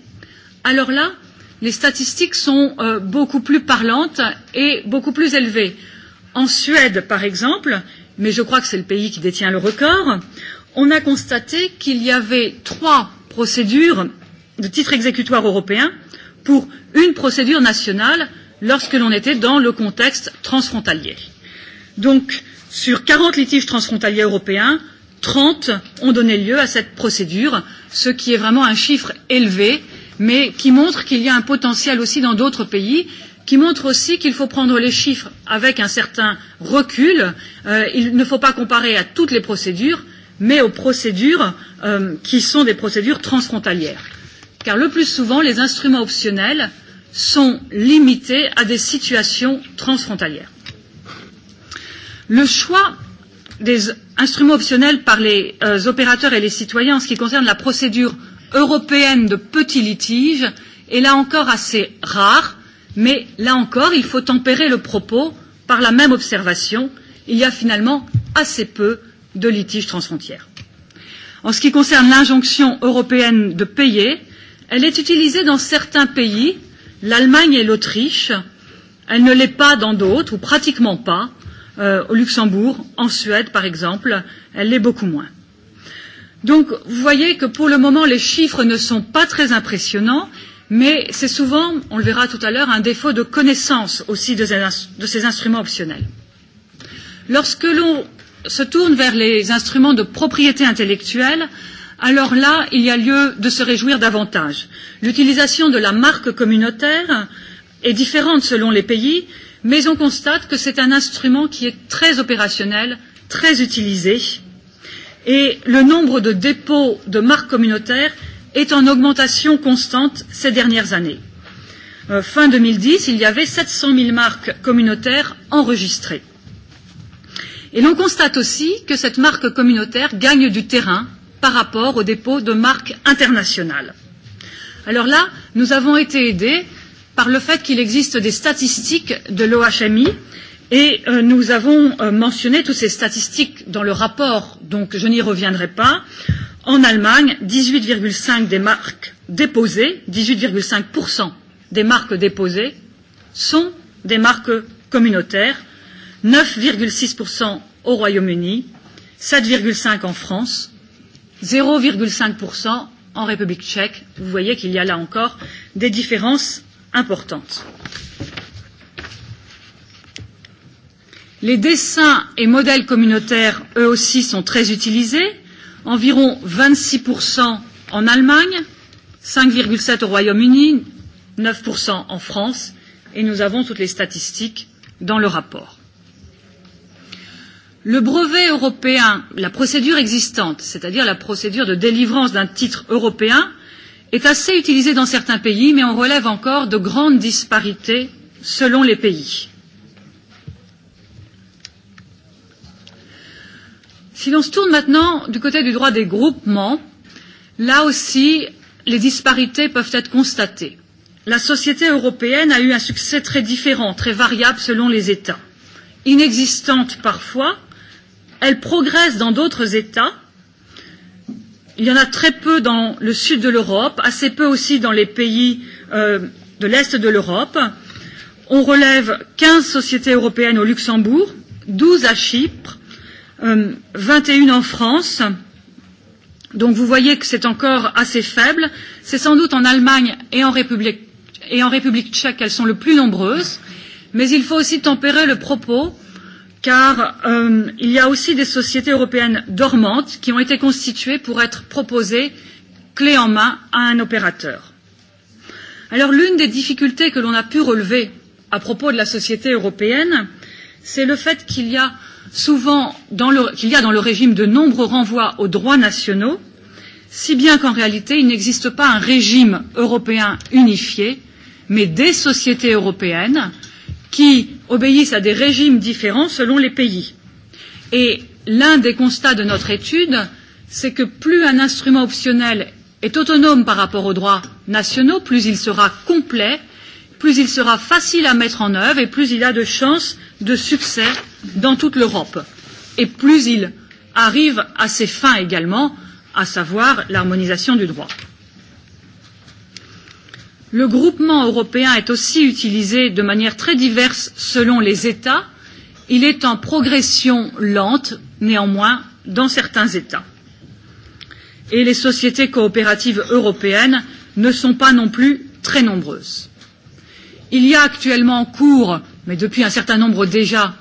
alors là, les statistiques sont euh, beaucoup plus parlantes et beaucoup plus élevées. En Suède, par exemple, mais je crois que c'est le pays qui détient le record, on a constaté qu'il y avait trois procédures de titre exécutoire européen pour une procédure nationale lorsque l'on était dans le contexte transfrontalier. Donc, sur 40 litiges transfrontaliers européens, 30 ont donné lieu à cette procédure, ce qui est vraiment un chiffre élevé, mais qui montre qu'il y a un potentiel aussi dans d'autres pays qui montre aussi qu'il faut prendre les chiffres avec un certain recul. Euh, il ne faut pas comparer à toutes les procédures, mais aux procédures euh, qui sont des procédures transfrontalières. Car le plus souvent, les instruments optionnels sont limités à des situations transfrontalières. Le choix des instruments optionnels par les euh, opérateurs et les citoyens en ce qui concerne la procédure européenne de petits litiges est là encore assez rare Mais là encore, il faut tempérer le propos par la même observation. Il y a finalement assez peu de litiges transfrontières. En ce qui concerne l'injonction européenne de payer, elle est utilisée dans certains pays, l'Allemagne et l'Autriche. Elle ne l'est pas dans d'autres, ou pratiquement pas. Euh, au Luxembourg, en Suède par exemple, elle l'est beaucoup moins. Donc vous voyez que pour le moment, les chiffres ne sont pas très impressionnants mais c'est souvent, on le verra tout à l'heure, un défaut de connaissance aussi de ces instruments optionnels. Lorsque l'on se tourne vers les instruments de propriété intellectuelle, alors là, il y a lieu de se réjouir davantage. L'utilisation de la marque communautaire est différente selon les pays, mais on constate que c'est un instrument qui est très opérationnel, très utilisé, et le nombre de dépôts de marques communautaires est en augmentation constante ces dernières années. Euh, fin 2010, il y avait 700 000 marques communautaires enregistrées. Et l'on constate aussi que cette marque communautaire gagne du terrain par rapport au dépôt de marques internationales. Alors là, nous avons été aidés par le fait qu'il existe des statistiques de l'OHMI et euh, nous avons euh, mentionné toutes ces statistiques dans le rapport, donc je n'y reviendrai pas. En Allemagne, 18,5 des marques déposées, 18,5% des marques déposées sont des marques communautaires, 9,6% au Royaume-Uni, 7,5% en France, 0,5% en République tchèque. Vous voyez qu'il y a là encore des différences importantes. Les dessins et modèles communautaires, eux aussi, sont très utilisés environ 26% en Allemagne, 5,7% au Royaume-Uni, 9% en France, et nous avons toutes les statistiques dans le rapport. Le brevet européen, la procédure existante, c'est-à-dire la procédure de délivrance d'un titre européen, est assez utilisée dans certains pays, mais on relève encore de grandes disparités selon les pays. Si l'on se tourne maintenant du côté du droit des groupements, là aussi, les disparités peuvent être constatées. La société européenne a eu un succès très différent, très variable selon les États. Inexistante parfois, elle progresse dans d'autres États. Il y en a très peu dans le sud de l'Europe, assez peu aussi dans les pays euh, de l'Est de l'Europe. On relève 15 sociétés européennes au Luxembourg, 12 à Chypre, euh, 21 en France. Donc vous voyez que c'est encore assez faible. C'est sans doute en Allemagne et en République, et en République tchèque qu'elles sont le plus nombreuses. Mais il faut aussi tempérer le propos car euh, il y a aussi des sociétés européennes dormantes qui ont été constituées pour être proposées clé en main à un opérateur. Alors l'une des difficultés que l'on a pu relever à propos de la société européenne, c'est le fait qu'il y a souvent qu'il y a dans le régime de nombreux renvois aux droits nationaux, si bien qu'en réalité, il n'existe pas un régime européen unifié, mais des sociétés européennes qui obéissent à des régimes différents selon les pays. Et l'un des constats de notre étude, c'est que plus un instrument optionnel est autonome par rapport aux droits nationaux, plus il sera complet plus il sera facile à mettre en œuvre et plus il a de chances de succès dans toute l'Europe. Et plus il arrive à ses fins également, à savoir l'harmonisation du droit. Le groupement européen est aussi utilisé de manière très diverse selon les États. Il est en progression lente, néanmoins, dans certains États. Et les sociétés coopératives européennes ne sont pas non plus très nombreuses. Il y a actuellement en cours, mais depuis un certain nombre déjà,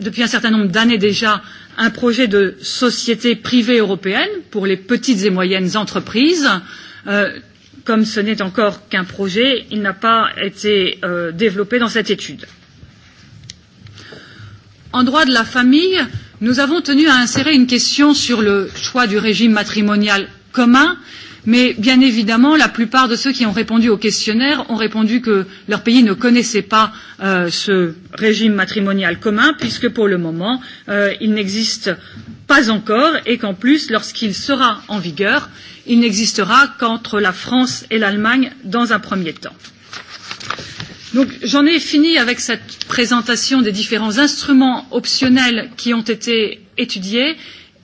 depuis un certain nombre d'années déjà, un projet de société privée européenne pour les petites et moyennes entreprises. Euh, comme ce n'est encore qu'un projet, il n'a pas été euh, développé dans cette étude. En droit de la famille, nous avons tenu à insérer une question sur le choix du régime matrimonial commun Mais bien évidemment, la plupart de ceux qui ont répondu au questionnaire ont répondu que leur pays ne connaissait pas euh, ce régime matrimonial commun, puisque pour le moment, euh, il n'existe pas encore et qu'en plus, lorsqu'il sera en vigueur, il n'existera qu'entre la France et l'Allemagne dans un premier temps. Donc j'en ai fini avec cette présentation des différents instruments optionnels qui ont été étudiés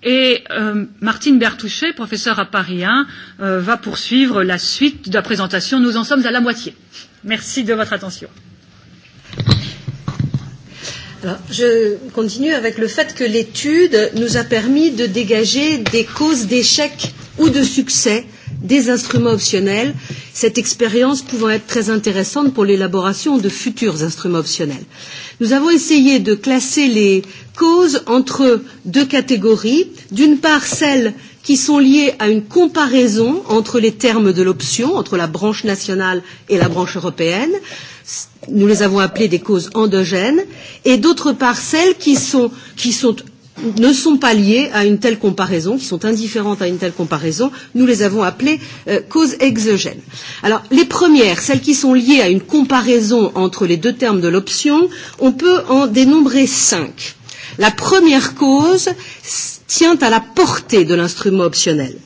Et euh, Martine Bertouchet, professeure à Paris 1, euh, va poursuivre la suite de la présentation. Nous en sommes à la moitié. Merci de votre attention. Alors, je continue avec le fait que l'étude nous a permis de dégager des causes d'échec ou de succès des instruments optionnels, cette expérience pouvant être très intéressante pour l'élaboration de futurs instruments optionnels. Nous avons essayé de classer les cause entre deux catégories. D'une part, celles qui sont liées à une comparaison entre les termes de l'option, entre la branche nationale et la branche européenne. Nous les avons appelées des causes endogènes. Et d'autre part, celles qui, sont, qui sont, ne sont pas liées à une telle comparaison, qui sont indifférentes à une telle comparaison. Nous les avons appelées euh, causes exogènes. Alors, les premières, celles qui sont liées à une comparaison entre les deux termes de l'option, on peut en dénombrer cinq. La première cause tient à la portée de l'instrument optionnel.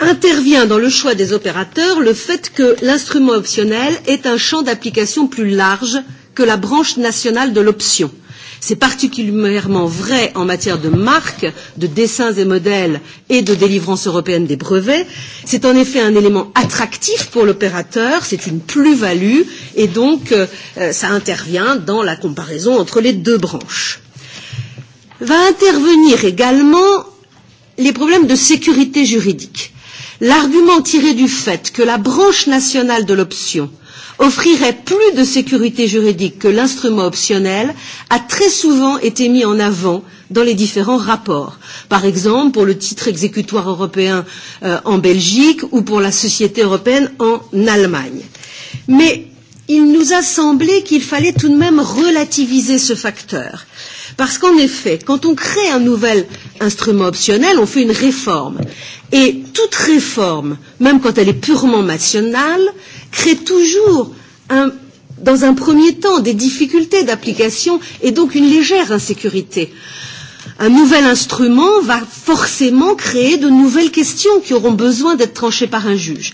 Intervient dans le choix des opérateurs le fait que l'instrument optionnel est un champ d'application plus large que la branche nationale de l'option C'est particulièrement vrai en matière de marques, de dessins et modèles et de délivrance européenne des brevets. C'est en effet un élément attractif pour l'opérateur, c'est une plus-value et donc euh, ça intervient dans la comparaison entre les deux branches. Va intervenir également les problèmes de sécurité juridique. L'argument tiré du fait que la branche nationale de l'option offrirait plus de sécurité juridique que l'instrument optionnel a très souvent été mis en avant dans les différents rapports. Par exemple, pour le titre exécutoire européen euh, en Belgique ou pour la société européenne en Allemagne. Mais il nous a semblé qu'il fallait tout de même relativiser ce facteur Parce qu'en effet, quand on crée un nouvel instrument optionnel, on fait une réforme. Et toute réforme, même quand elle est purement nationale, crée toujours un, dans un premier temps des difficultés d'application et donc une légère insécurité. Un nouvel instrument va forcément créer de nouvelles questions qui auront besoin d'être tranchées par un juge.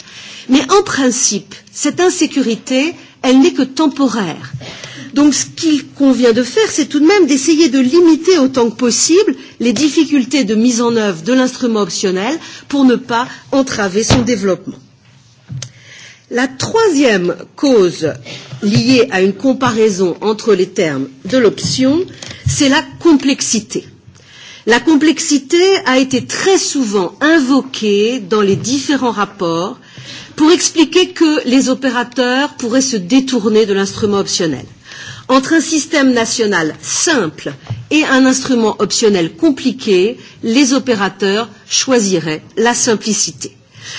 Mais en principe, cette insécurité, elle n'est que temporaire. Donc ce qu'il convient de faire, c'est tout de même d'essayer de limiter autant que possible les difficultés de mise en œuvre de l'instrument optionnel pour ne pas entraver son développement. La troisième cause liée à une comparaison entre les termes de l'option, c'est la complexité. La complexité a été très souvent invoquée dans les différents rapports pour expliquer que les opérateurs pourraient se détourner de l'instrument optionnel. Entre un système national simple et un instrument optionnel compliqué, les opérateurs choisiraient la simplicité.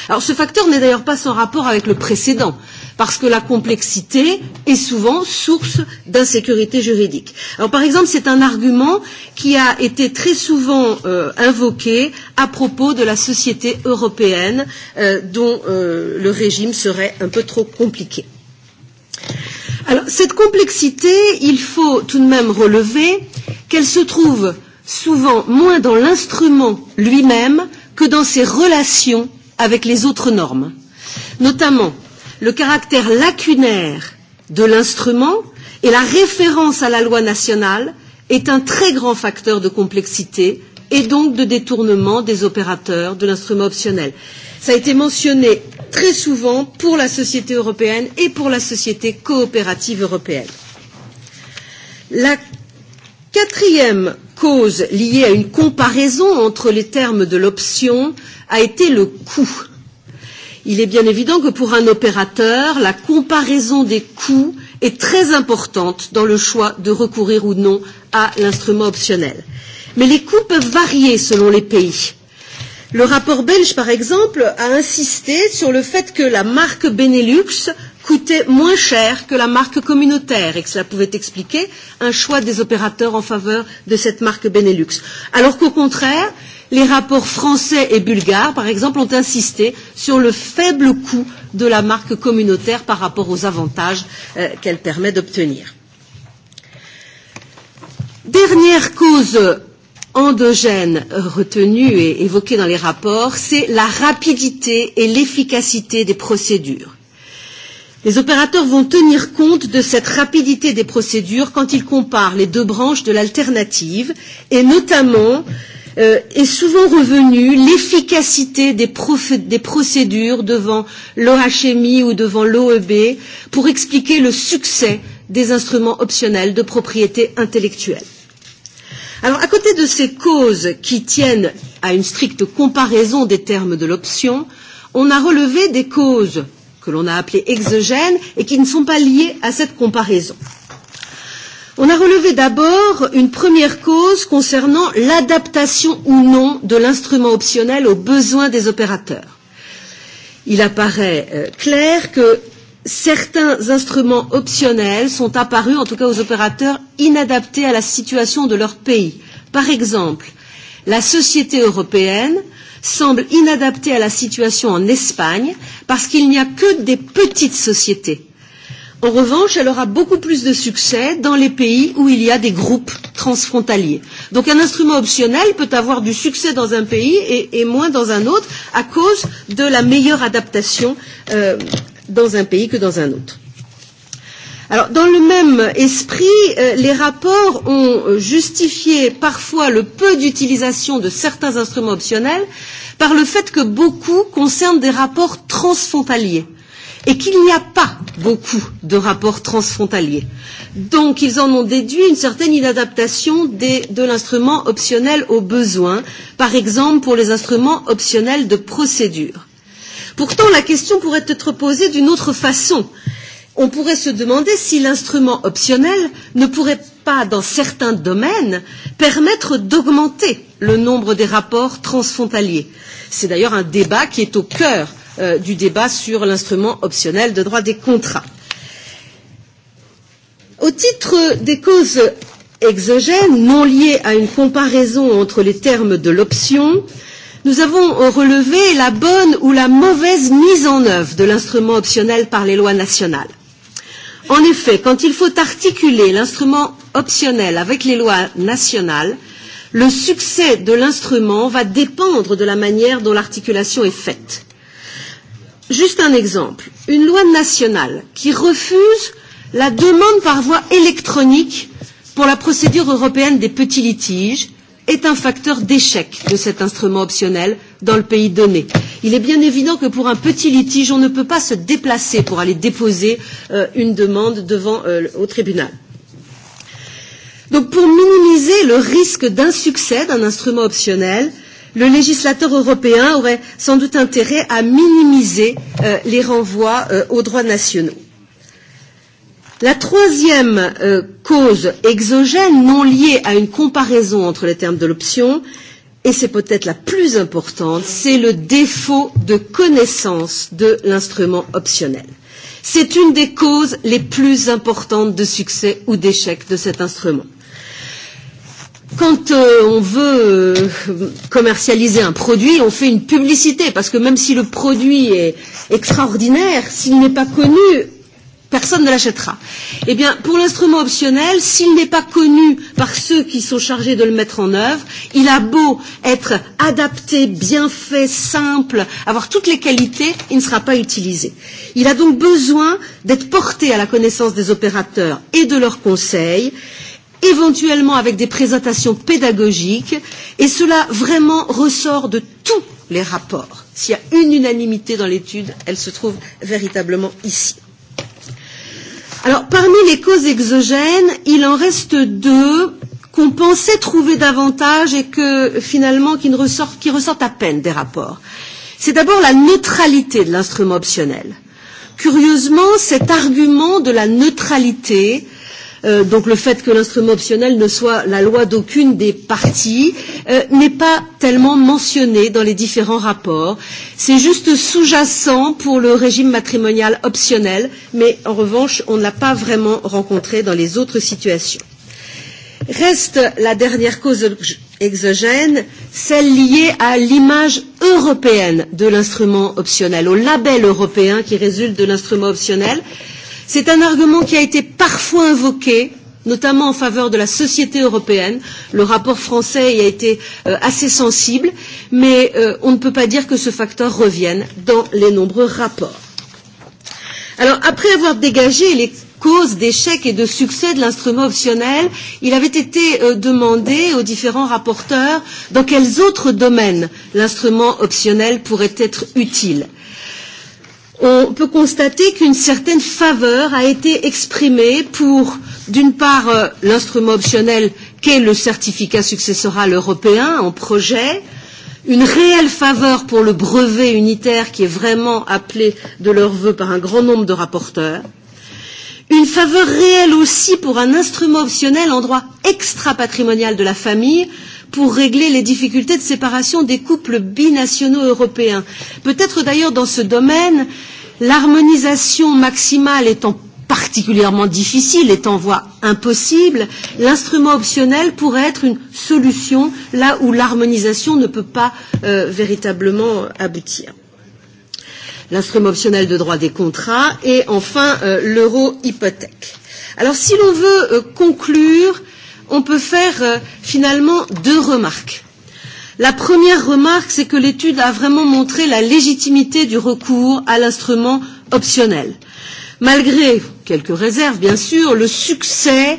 Alors ce facteur n'est d'ailleurs pas sans rapport avec le précédent, parce que la complexité est souvent source d'insécurité juridique. Alors par exemple, c'est un argument qui a été très souvent euh, invoqué à propos de la société européenne euh, dont euh, le régime serait un peu trop compliqué. Euh, Alors, cette complexité, il faut tout de même relever qu'elle se trouve souvent moins dans l'instrument lui-même que dans ses relations avec les autres normes. Notamment, le caractère lacunaire de l'instrument et la référence à la loi nationale est un très grand facteur de complexité et donc de détournement des opérateurs de l'instrument optionnel ça a été mentionné très souvent pour la société européenne et pour la société coopérative européenne. La quatrième cause liée à une comparaison entre les termes de l'option a été le coût. Il est bien évident que pour un opérateur, la comparaison des coûts est très importante dans le choix de recourir ou non à l'instrument optionnel. Mais les coûts peuvent varier selon les pays. Le rapport belge, par exemple, a insisté sur le fait que la marque Benelux coûtait moins cher que la marque communautaire et que cela pouvait expliquer un choix des opérateurs en faveur de cette marque Benelux. Alors qu'au contraire, les rapports français et bulgares, par exemple, ont insisté sur le faible coût de la marque communautaire par rapport aux avantages euh, qu'elle permet d'obtenir. Dernière cause endogène retenu et évoqué dans les rapports, c'est la rapidité et l'efficacité des procédures. Les opérateurs vont tenir compte de cette rapidité des procédures quand ils comparent les deux branches de l'alternative et notamment euh, est souvent revenue l'efficacité des, des procédures devant l'OHMI ou devant l'OEB pour expliquer le succès des instruments optionnels de propriété intellectuelle. Alors, à côté de ces causes qui tiennent à une stricte comparaison des termes de l'option, on a relevé des causes que l'on a appelées exogènes et qui ne sont pas liées à cette comparaison. On a relevé d'abord une première cause concernant l'adaptation ou non de l'instrument optionnel aux besoins des opérateurs. Il apparaît euh, clair que certains instruments optionnels sont apparus, en tout cas aux opérateurs, inadaptés à la situation de leur pays. Par exemple, la société européenne semble inadaptée à la situation en Espagne parce qu'il n'y a que des petites sociétés. En revanche, elle aura beaucoup plus de succès dans les pays où il y a des groupes transfrontaliers. Donc un instrument optionnel peut avoir du succès dans un pays et, et moins dans un autre à cause de la meilleure adaptation euh, dans un pays que dans un autre. Alors, dans le même esprit, euh, les rapports ont justifié parfois le peu d'utilisation de certains instruments optionnels par le fait que beaucoup concernent des rapports transfrontaliers et qu'il n'y a pas beaucoup de rapports transfrontaliers. Donc, ils en ont déduit une certaine inadaptation des, de l'instrument optionnel aux besoins, par exemple pour les instruments optionnels de procédure. Pourtant, la question pourrait être posée d'une autre façon. On pourrait se demander si l'instrument optionnel ne pourrait pas, dans certains domaines, permettre d'augmenter le nombre des rapports transfrontaliers. C'est d'ailleurs un débat qui est au cœur euh, du débat sur l'instrument optionnel de droit des contrats. Au titre des causes exogènes non liées à une comparaison entre les termes de l'option, euh, Nous avons relevé la bonne ou la mauvaise mise en œuvre de l'instrument optionnel par les lois nationales. En effet, quand il faut articuler l'instrument optionnel avec les lois nationales, le succès de l'instrument va dépendre de la manière dont l'articulation est faite. Juste un exemple. Une loi nationale qui refuse la demande par voie électronique pour la procédure européenne des petits litiges est un facteur d'échec de cet instrument optionnel dans le pays donné. Il est bien évident que pour un petit litige, on ne peut pas se déplacer pour aller déposer euh, une demande devant, euh, au tribunal. Donc pour minimiser le risque d'insuccès d'un instrument optionnel, le législateur européen aurait sans doute intérêt à minimiser euh, les renvois euh, aux droits nationaux. La troisième euh, cause exogène, non liée à une comparaison entre les termes de l'option, et c'est peut-être la plus importante, c'est le défaut de connaissance de l'instrument optionnel. C'est une des causes les plus importantes de succès ou d'échec de cet instrument. Quand euh, on veut euh, commercialiser un produit, on fait une publicité, parce que même si le produit est extraordinaire, s'il n'est pas connu, personne ne l'achètera. Eh bien, pour l'instrument optionnel, s'il n'est pas connu par ceux qui sont chargés de le mettre en œuvre, il a beau être adapté, bien fait, simple, avoir toutes les qualités, il ne sera pas utilisé. Il a donc besoin d'être porté à la connaissance des opérateurs et de leurs conseils éventuellement avec des présentations pédagogiques, et cela vraiment ressort de tous les rapports. S'il y a une unanimité dans l'étude, elle se trouve véritablement ici. Alors, parmi les causes exogènes, il en reste deux qu'on pensait trouver davantage et que finalement qui, ne ressortent, qui ressortent à peine des rapports. C'est d'abord la neutralité de l'instrument optionnel. Curieusement, cet argument de la neutralité donc le fait que l'instrument optionnel ne soit la loi d'aucune des parties n'est pas tellement mentionné dans les différents rapports. C'est juste sous-jacent pour le régime matrimonial optionnel, mais en revanche, on ne l'a pas vraiment rencontré dans les autres situations. Reste la dernière cause exogène, celle liée à l'image européenne de l'instrument optionnel, au label européen qui résulte de l'instrument optionnel. Euh, C'est un argument qui a été parfois invoqué notamment en faveur de la société européenne. Le rapport français y a été euh, assez sensible, mais euh, on ne peut pas dire que ce facteur revienne dans les nombreux rapports. Alors, après avoir dégagé les causes d'échec et de succès de l'instrument optionnel, il avait été euh, demandé aux différents rapporteurs dans quels autres domaines l'instrument optionnel pourrait être utile on peut constater qu'une certaine faveur a été exprimée pour, d'une part, euh, l'instrument optionnel qu'est le certificat successoral européen en projet, une réelle faveur pour le brevet unitaire qui est vraiment appelé de leur vœu par un grand nombre de rapporteurs, une faveur réelle aussi pour un instrument optionnel en droit extra-patrimonial de la famille, pour régler les difficultés de séparation des couples binationaux européens. Peut-être d'ailleurs dans ce domaine, l'harmonisation maximale étant particulièrement difficile, étant en voie impossible, l'instrument optionnel pourrait être une solution là où l'harmonisation ne peut pas euh, véritablement aboutir. L'instrument optionnel de droit des contrats et enfin euh, l'euro hypothèque. Alors si l'on veut euh, conclure on peut faire euh, finalement deux remarques. La première remarque, c'est que l'étude a vraiment montré la légitimité du recours à l'instrument optionnel. Malgré quelques réserves, bien sûr, le succès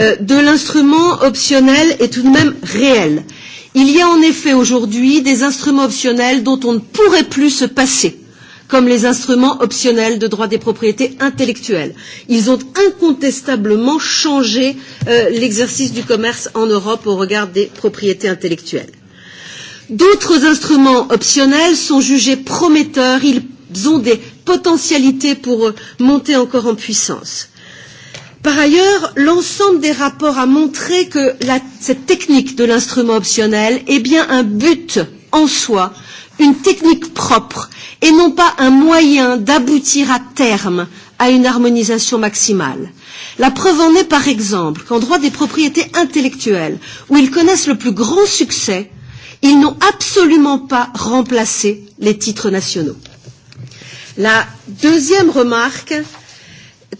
euh, de l'instrument optionnel est tout de même réel. Il y a en effet aujourd'hui des instruments optionnels dont on ne pourrait plus se passer comme les instruments optionnels de droit des propriétés intellectuelles. Ils ont incontestablement changé euh, l'exercice du commerce en Europe au regard des propriétés intellectuelles. D'autres instruments optionnels sont jugés prometteurs, ils ont des potentialités pour monter encore en puissance. Par ailleurs, l'ensemble des rapports a montré que la, cette technique de l'instrument optionnel est bien un but en soi une technique propre et non pas un moyen d'aboutir à terme à une harmonisation maximale. La preuve en est par exemple qu'en droit des propriétés intellectuelles, où ils connaissent le plus grand succès, ils n'ont absolument pas remplacé les titres nationaux. La deuxième remarque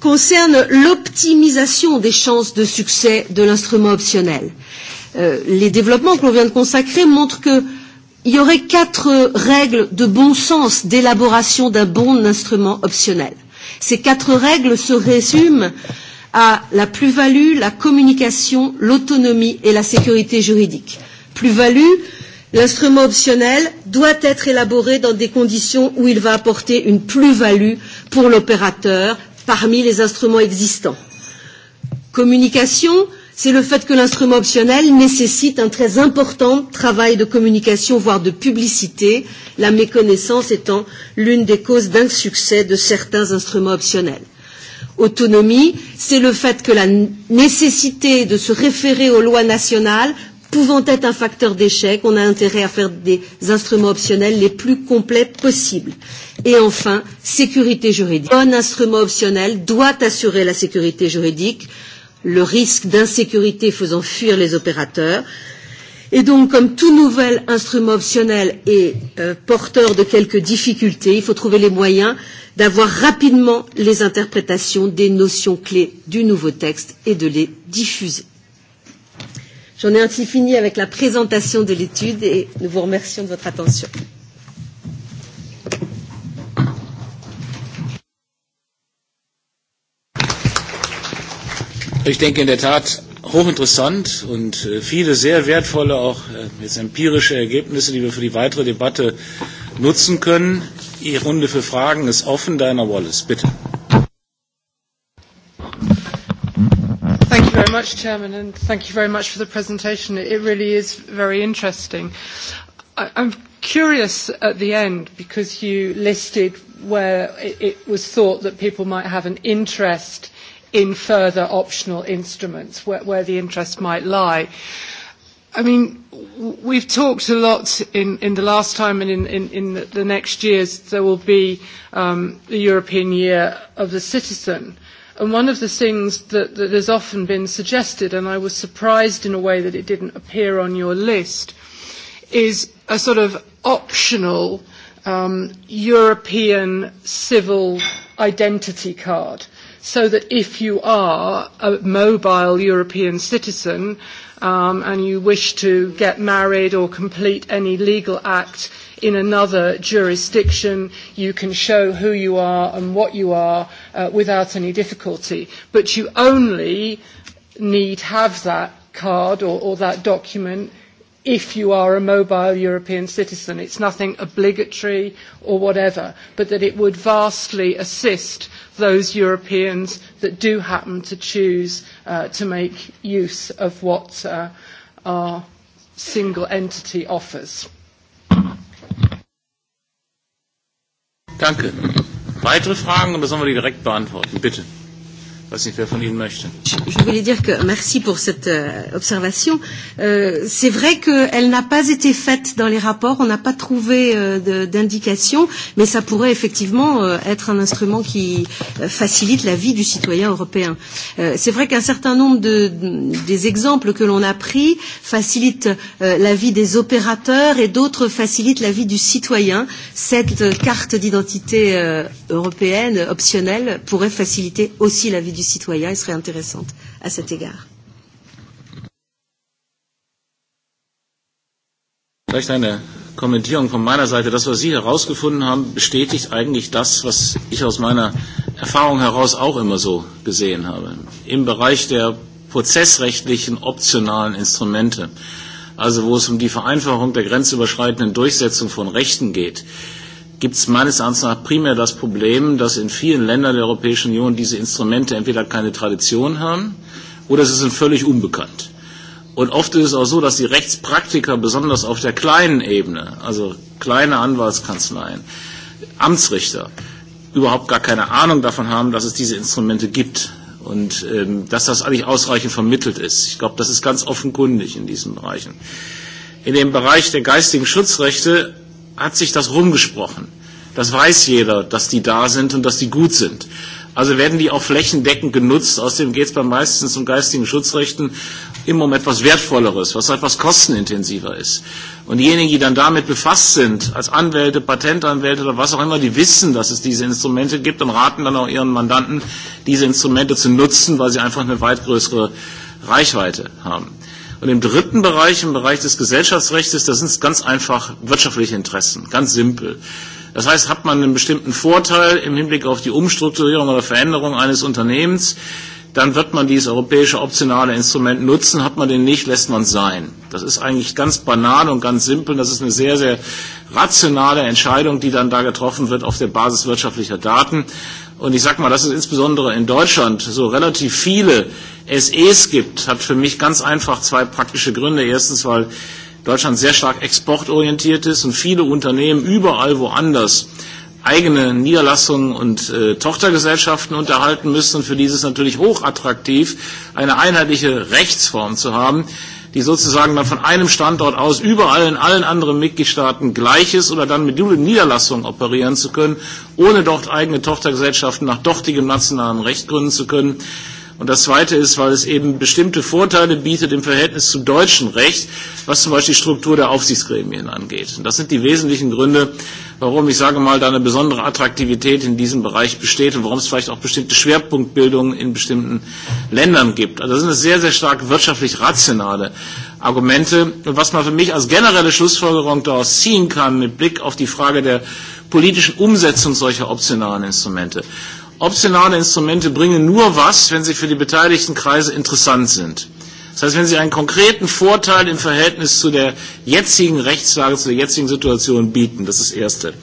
concerne l'optimisation des chances de succès de l'instrument optionnel. Euh, les développements que l'on vient de consacrer montrent que il y aurait quatre règles de bon sens d'élaboration d'un bon instrument optionnel. Ces quatre règles se résument à la plus-value, la communication, l'autonomie et la sécurité juridique. Plus-value, l'instrument optionnel doit être élaboré dans des conditions où il va apporter une plus-value pour l'opérateur parmi les instruments existants. Communication, euh, c'est le fait que l'instrument optionnel nécessite un très important travail de communication, voire de publicité, la méconnaissance étant l'une des causes d'insuccès de certains instruments optionnels. Autonomie, c'est le fait que la nécessité de se référer aux lois nationales pouvant être un facteur d'échec, on a intérêt à faire des instruments optionnels les plus complets possibles. Et enfin, sécurité juridique. Un instrument optionnel doit assurer la sécurité juridique le risque d'insécurité faisant fuir les opérateurs. Et donc, comme tout nouvel instrument optionnel est euh, porteur de quelques difficultés, il faut trouver les moyens d'avoir rapidement les interprétations des notions clés du nouveau texte et de les diffuser. J'en ai ainsi fini avec la présentation de l'étude et nous vous remercions de votre attention. Ich denke in der Tat hochinteressant und viele sehr wertvolle, auch jetzt empirische Ergebnisse, die wir für die weitere Debatte nutzen können. Die Runde für Fragen ist offen. Diana Wallace, bitte. Thank you very much, Chairman, and thank you very much for the presentation. It really is very interesting. I, I'm curious at the end because you listed where it, it was thought that people might have an interest in further optional instruments where, where the interest might lie. I mean, we've talked a lot in, in the last time and in, in, in the next years. There will be um, the European Year of the Citizen. And one of the things that, that has often been suggested, and I was surprised in a way that it didn't appear on your list, is a sort of optional um, European civil identity card so that if you are a mobile European citizen um, and you wish to get married or complete any legal act in another jurisdiction, you can show who you are and what you are uh, without any difficulty. But you only need have that card or, or that document if you are a mobile European citizen. It's nothing obligatory or whatever, but that it would vastly assist those Europeans that do happen to choose to make use of what our single entity offers. Danke. Weitere Fragen oder sollen wir die direkt beantworten? Bitte was ich Ihnen möchte. Je voulais dire que merci pour cette observation. Euh, C'est vrai qu'elle n'a pas été faite dans les rapports, on n'a pas trouvé euh, d'indication, mais ça pourrait effectivement euh, être un instrument qui euh, facilite la vie du citoyen européen. Euh, C'est vrai qu'un certain nombre de, des exemples que l'on a pris facilitent euh, la vie des opérateurs et d'autres facilitent la vie du citoyen. Cette carte d'identité euh, européenne optionnelle pourrait faciliter aussi la vie du citoyens et serait intéressante à cet égard. Vielleicht eine Kommentierung von meiner Seite. Das, was Sie herausgefunden haben, bestätigt eigentlich das, was ich aus meiner Erfahrung heraus auch immer so gesehen habe. Im Bereich der prozessrechtlichen optionalen Instrumente, also wo es um die Vereinfachung der grenzüberschreitenden Durchsetzung von Rechten geht, gibt es meines Erachtens nach primär das Problem, dass in vielen Ländern der Europäischen Union diese Instrumente entweder keine Tradition haben oder sie sind völlig unbekannt. Und oft ist es auch so, dass die Rechtspraktiker, besonders auf der kleinen Ebene, also kleine Anwaltskanzleien, Amtsrichter, überhaupt gar keine Ahnung davon haben, dass es diese Instrumente gibt und ähm, dass das eigentlich ausreichend vermittelt ist. Ich glaube, das ist ganz offenkundig in diesen Bereichen. In dem Bereich der geistigen Schutzrechte hat sich das rumgesprochen. Das weiß jeder, dass die da sind und dass die gut sind. Also werden die auch flächendeckend genutzt. Außerdem geht es bei meistens um geistigen Schutzrechten immer um etwas Wertvolleres, was etwas kostenintensiver ist. Und diejenigen, die dann damit befasst sind, als Anwälte, Patentanwälte oder was auch immer, die wissen, dass es diese Instrumente gibt und raten dann auch ihren Mandanten, diese Instrumente zu nutzen, weil sie einfach eine weit größere Reichweite haben. Und im dritten Bereich, im Bereich des Gesellschaftsrechts, das sind ganz einfach wirtschaftliche Interessen, ganz simpel. Das heißt, hat man einen bestimmten Vorteil im Hinblick auf die Umstrukturierung oder Veränderung eines Unternehmens, dann wird man dieses europäische optionale Instrument nutzen. Hat man den nicht, lässt man es sein. Das ist eigentlich ganz banal und ganz simpel. Das ist eine sehr, sehr rationale Entscheidung, die dann da getroffen wird auf der Basis wirtschaftlicher Daten und ich sage mal, dass es insbesondere in Deutschland so relativ viele SEs gibt, hat für mich ganz einfach zwei praktische Gründe. Erstens, weil Deutschland sehr stark exportorientiert ist und viele Unternehmen überall woanders eigene Niederlassungen und äh, Tochtergesellschaften unterhalten müssen. Und für dieses natürlich hochattraktiv, eine einheitliche Rechtsform zu haben, die sozusagen dann von einem Standort aus überall in allen anderen Mitgliedstaaten gleich ist oder dann mit dualen Niederlassungen operieren zu können, ohne dort eigene Tochtergesellschaften nach dortigem nationalen Recht gründen zu können. Und das Zweite ist, weil es eben bestimmte Vorteile bietet im Verhältnis zum deutschen Recht, was zum Beispiel die Struktur der Aufsichtsgremien angeht. Und das sind die wesentlichen Gründe, warum, ich sage mal, da eine besondere Attraktivität in diesem Bereich besteht und warum es vielleicht auch bestimmte Schwerpunktbildungen in bestimmten Ländern gibt. Also das sind sehr, sehr stark wirtschaftlich rationale Argumente. Und was man für mich als generelle Schlussfolgerung daraus ziehen kann, mit Blick auf die Frage der politischen Umsetzung solcher optionalen Instrumente. Optionale Instrumente bringen nur was, wenn sie für die beteiligten Kreise interessant sind. Das heißt, wenn Sie einen konkreten Vorteil im Verhältnis zu der jetzigen Rechtslage, zu der jetzigen Situation bieten, das ist das Erste.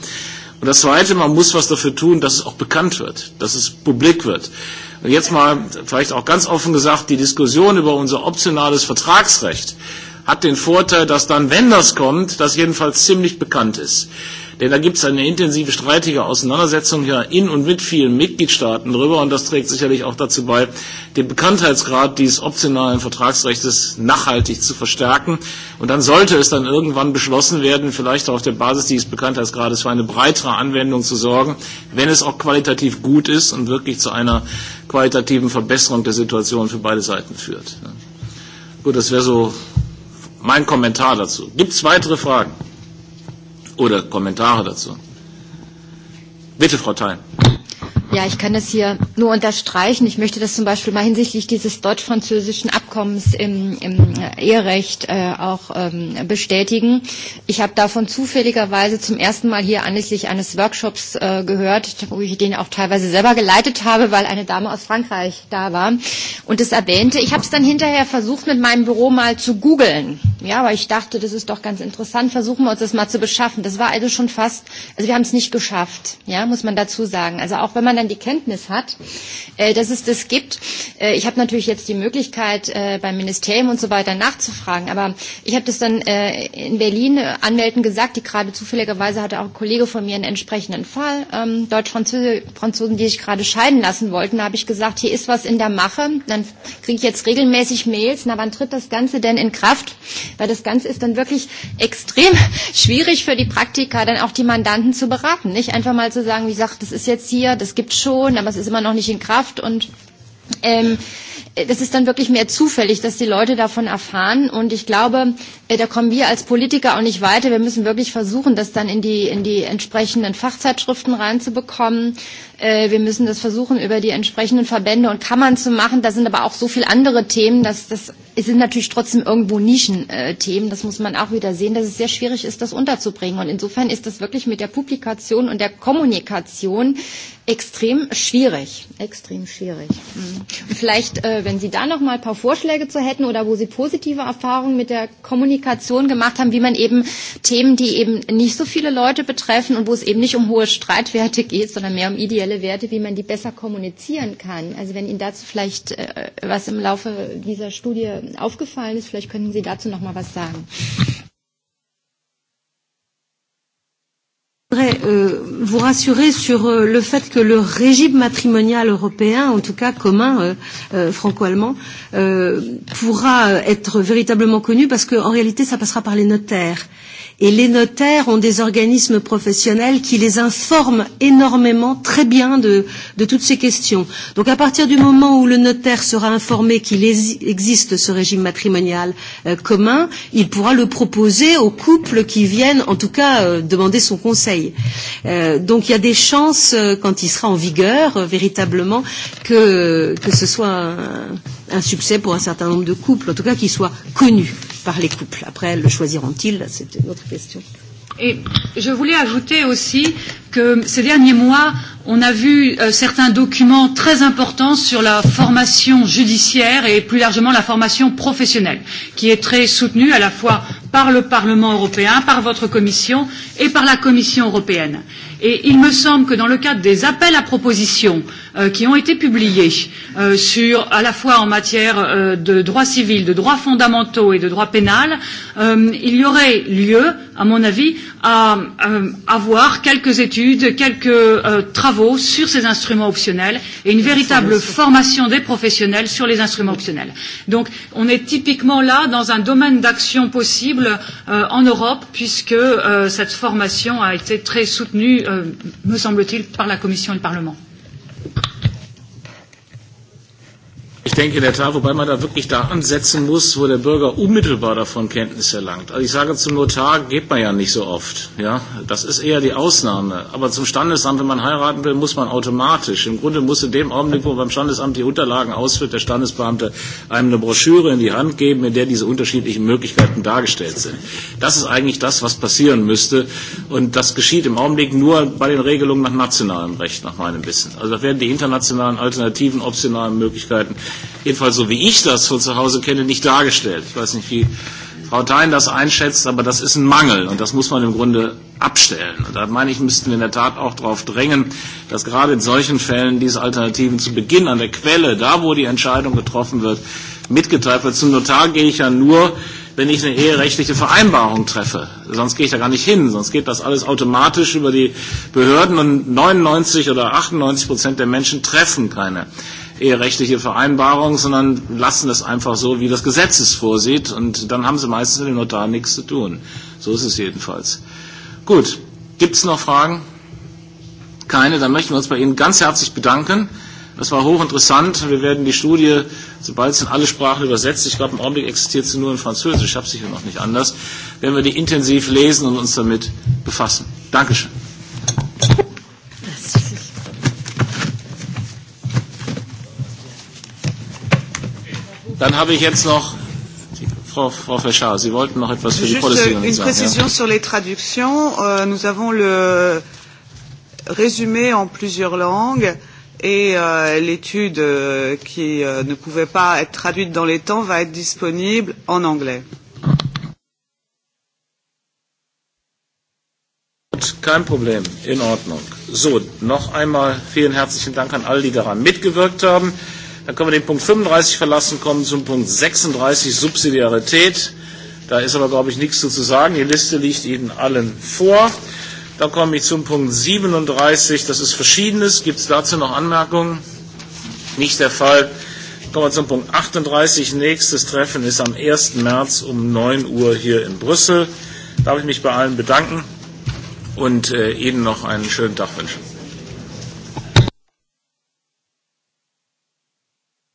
Und das Zweite, man muss was dafür tun, dass es auch bekannt wird, dass es publik wird. Und jetzt mal vielleicht auch ganz offen gesagt, die Diskussion über unser optionales Vertragsrecht hat den Vorteil, dass dann, wenn das kommt, das jedenfalls ziemlich bekannt ist. Denn da gibt es eine intensive, streitige Auseinandersetzung ja in und mit vielen Mitgliedstaaten darüber. Und das trägt sicherlich auch dazu bei, den Bekanntheitsgrad dieses optionalen Vertragsrechts nachhaltig zu verstärken. Und dann sollte es dann irgendwann beschlossen werden, vielleicht auch auf der Basis dieses Bekanntheitsgrades für eine breitere Anwendung zu sorgen, wenn es auch qualitativ gut ist und wirklich zu einer qualitativen Verbesserung der Situation für beide Seiten führt. Gut, das wäre so mein Kommentar dazu. Gibt es weitere Fragen? oder Kommentare dazu. Bitte, Frau Thein. Ja, ich kann das hier nur unterstreichen. Ich möchte das zum Beispiel mal hinsichtlich dieses deutsch-französischen Abkommens im, im Eherecht äh, auch ähm, bestätigen. Ich habe davon zufälligerweise zum ersten Mal hier anlässlich eines Workshops äh, gehört, wo ich den auch teilweise selber geleitet habe, weil eine Dame aus Frankreich da war und es erwähnte. Ich habe es dann hinterher versucht, mit meinem Büro mal zu googeln. Ja, weil ich dachte, das ist doch ganz interessant. Versuchen wir uns das mal zu beschaffen. Das war also schon fast, also wir haben es nicht geschafft, ja, muss man dazu sagen. Also auch wenn man man die Kenntnis hat, äh, dass es das gibt. Äh, ich habe natürlich jetzt die Möglichkeit, äh, beim Ministerium und so weiter nachzufragen, aber ich habe das dann äh, in Berlin Anwälten gesagt, die gerade zufälligerweise hatte auch ein Kollege von mir einen entsprechenden Fall, ähm, Deutsch-Franzosen, die sich gerade scheiden lassen wollten, da habe ich gesagt, hier ist was in der Mache, dann kriege ich jetzt regelmäßig Mails, na wann tritt das Ganze denn in Kraft? Weil das Ganze ist dann wirklich extrem schwierig für die Praktika, dann auch die Mandanten zu beraten. Nicht einfach mal zu sagen, wie gesagt, das ist jetzt hier, das gibt gibt schon, aber es ist immer noch nicht in Kraft und ähm, das ist dann wirklich mehr zufällig, dass die Leute davon erfahren. Und ich glaube, da kommen wir als Politiker auch nicht weiter. Wir müssen wirklich versuchen, das dann in die, in die entsprechenden Fachzeitschriften reinzubekommen wir müssen das versuchen, über die entsprechenden Verbände und Kammern zu machen. Da sind aber auch so viele andere Themen, dass das sind natürlich trotzdem irgendwo Nischenthemen. Das muss man auch wieder sehen, dass es sehr schwierig ist, das unterzubringen. Und insofern ist das wirklich mit der Publikation und der Kommunikation extrem schwierig. Extrem schwierig. Und vielleicht, wenn Sie da noch mal ein paar Vorschläge zu hätten oder wo Sie positive Erfahrungen mit der Kommunikation gemacht haben, wie man eben Themen, die eben nicht so viele Leute betreffen und wo es eben nicht um hohe Streitwerte geht, sondern mehr um ideelle spirituelle Werte, wie man die besser kommunizieren kann. Also wenn Ihnen dazu vielleicht äh, was im Laufe dieser Studie aufgefallen ist, vielleicht könnten Sie dazu noch mal was sagen. Je voudrais vous rassurer sur le fait que le régime matrimonial européen, en tout cas commun franco-allemand, pourra être véritablement connu parce qu'en réalité, ça passera par les notaires. Et les notaires ont des organismes professionnels qui les informent énormément, très bien, de, de toutes ces questions. Donc à partir du moment où le notaire sera informé qu'il existe ce régime matrimonial euh, commun, il pourra le proposer aux couples qui viennent, en tout cas, euh, demander son conseil. Euh, donc il y a des chances, euh, quand il sera en vigueur, euh, véritablement, que, que ce soit un, un succès pour un certain nombre de couples, en tout cas qu'il soit connu par les couples. Après, le choisiront-ils C'est une autre question. Et je voulais ajouter aussi que ces derniers mois, on a vu euh, certains documents très importants sur la formation judiciaire et plus largement la formation professionnelle, qui est très soutenue à la fois par le Parlement européen, par votre commission et par la Commission européenne. Et il me semble que dans le cadre des appels à propositions euh, qui ont été publiés euh, sur à la fois en matière euh, de droit civil, de droits fondamentaux et de droit pénal, euh, il y aurait lieu, à mon avis, à euh, avoir quelques études, quelques euh, travaux sur ces instruments optionnels et une véritable formation des professionnels sur les instruments optionnels. Donc, on est typiquement là dans un domaine d'action possible euh, en Europe puisque euh, cette formation a été très soutenue me semble-t-il, par la Commission et le Parlement. Ich denke in der Tat, wobei man da wirklich da ansetzen muss, wo der Bürger unmittelbar davon Kenntnis erlangt. Also ich sage, zum Notar geht man ja nicht so oft. Ja? Das ist eher die Ausnahme. Aber zum Standesamt, wenn man heiraten will, muss man automatisch. Im Grunde muss in dem Augenblick, wo beim Standesamt die Unterlagen ausführt, der Standesbeamte einem eine Broschüre in die Hand geben, in der diese unterschiedlichen Möglichkeiten dargestellt sind. Das ist eigentlich das, was passieren müsste. Und das geschieht im Augenblick nur bei den Regelungen nach nationalem Recht, nach meinem Wissen. Also da werden die internationalen Alternativen, optionalen Möglichkeiten jedenfalls so wie ich das von zu Hause kenne, nicht dargestellt. Ich weiß nicht, wie Frau Thein das einschätzt, aber das ist ein Mangel und das muss man im Grunde abstellen. Und da meine ich, müssten wir in der Tat auch darauf drängen, dass gerade in solchen Fällen diese Alternativen zu Beginn an der Quelle, da wo die Entscheidung getroffen wird, mitgeteilt wird. Zum Notar gehe ich ja nur, wenn ich eine eherechtliche Vereinbarung treffe. Sonst gehe ich da gar nicht hin. Sonst geht das alles automatisch über die Behörden und 99 oder 98 Prozent der Menschen treffen keine eherechtliche Vereinbarung, sondern lassen das einfach so, wie das Gesetz es vorsieht. Und dann haben sie meistens mit dem Notar nichts zu tun. So ist es jedenfalls. Gut, gibt es noch Fragen? Keine, dann möchten wir uns bei Ihnen ganz herzlich bedanken. Das war hochinteressant. Wir werden die Studie, sobald sie in alle Sprachen übersetzt, ich glaube im Augenblick existiert sie nur in Französisch, ich habe sie hier noch nicht anders, werden wir die intensiv lesen und uns damit befassen. Dankeschön. Dann habe ich jetzt noch Frau, Frau Fischer, Sie wollten noch etwas für die Protestierenden sagen. Une précision sur les traductions. Uh, nous avons le résumé en plusieurs langues et euh, l'étude euh, qui euh, ne pouvait pas être traduite dans les temps va être disponible en anglais. Kein Problem, in Ordnung. So, noch einmal vielen herzlichen Dank an alle, die daran mitgewirkt haben. Dann können wir den Punkt 35 verlassen, kommen zum Punkt 36, Subsidiarität. Da ist aber, glaube ich, nichts zu sagen. Die Liste liegt Ihnen allen vor. Dann komme ich zum Punkt 37. Das ist Verschiedenes. Gibt es dazu noch Anmerkungen? Nicht der Fall. Dann Kommen wir zum Punkt 38. Nächstes Treffen ist am 1. März um 9 Uhr hier in Brüssel. Darf ich mich bei allen bedanken und Ihnen noch einen schönen Tag wünschen.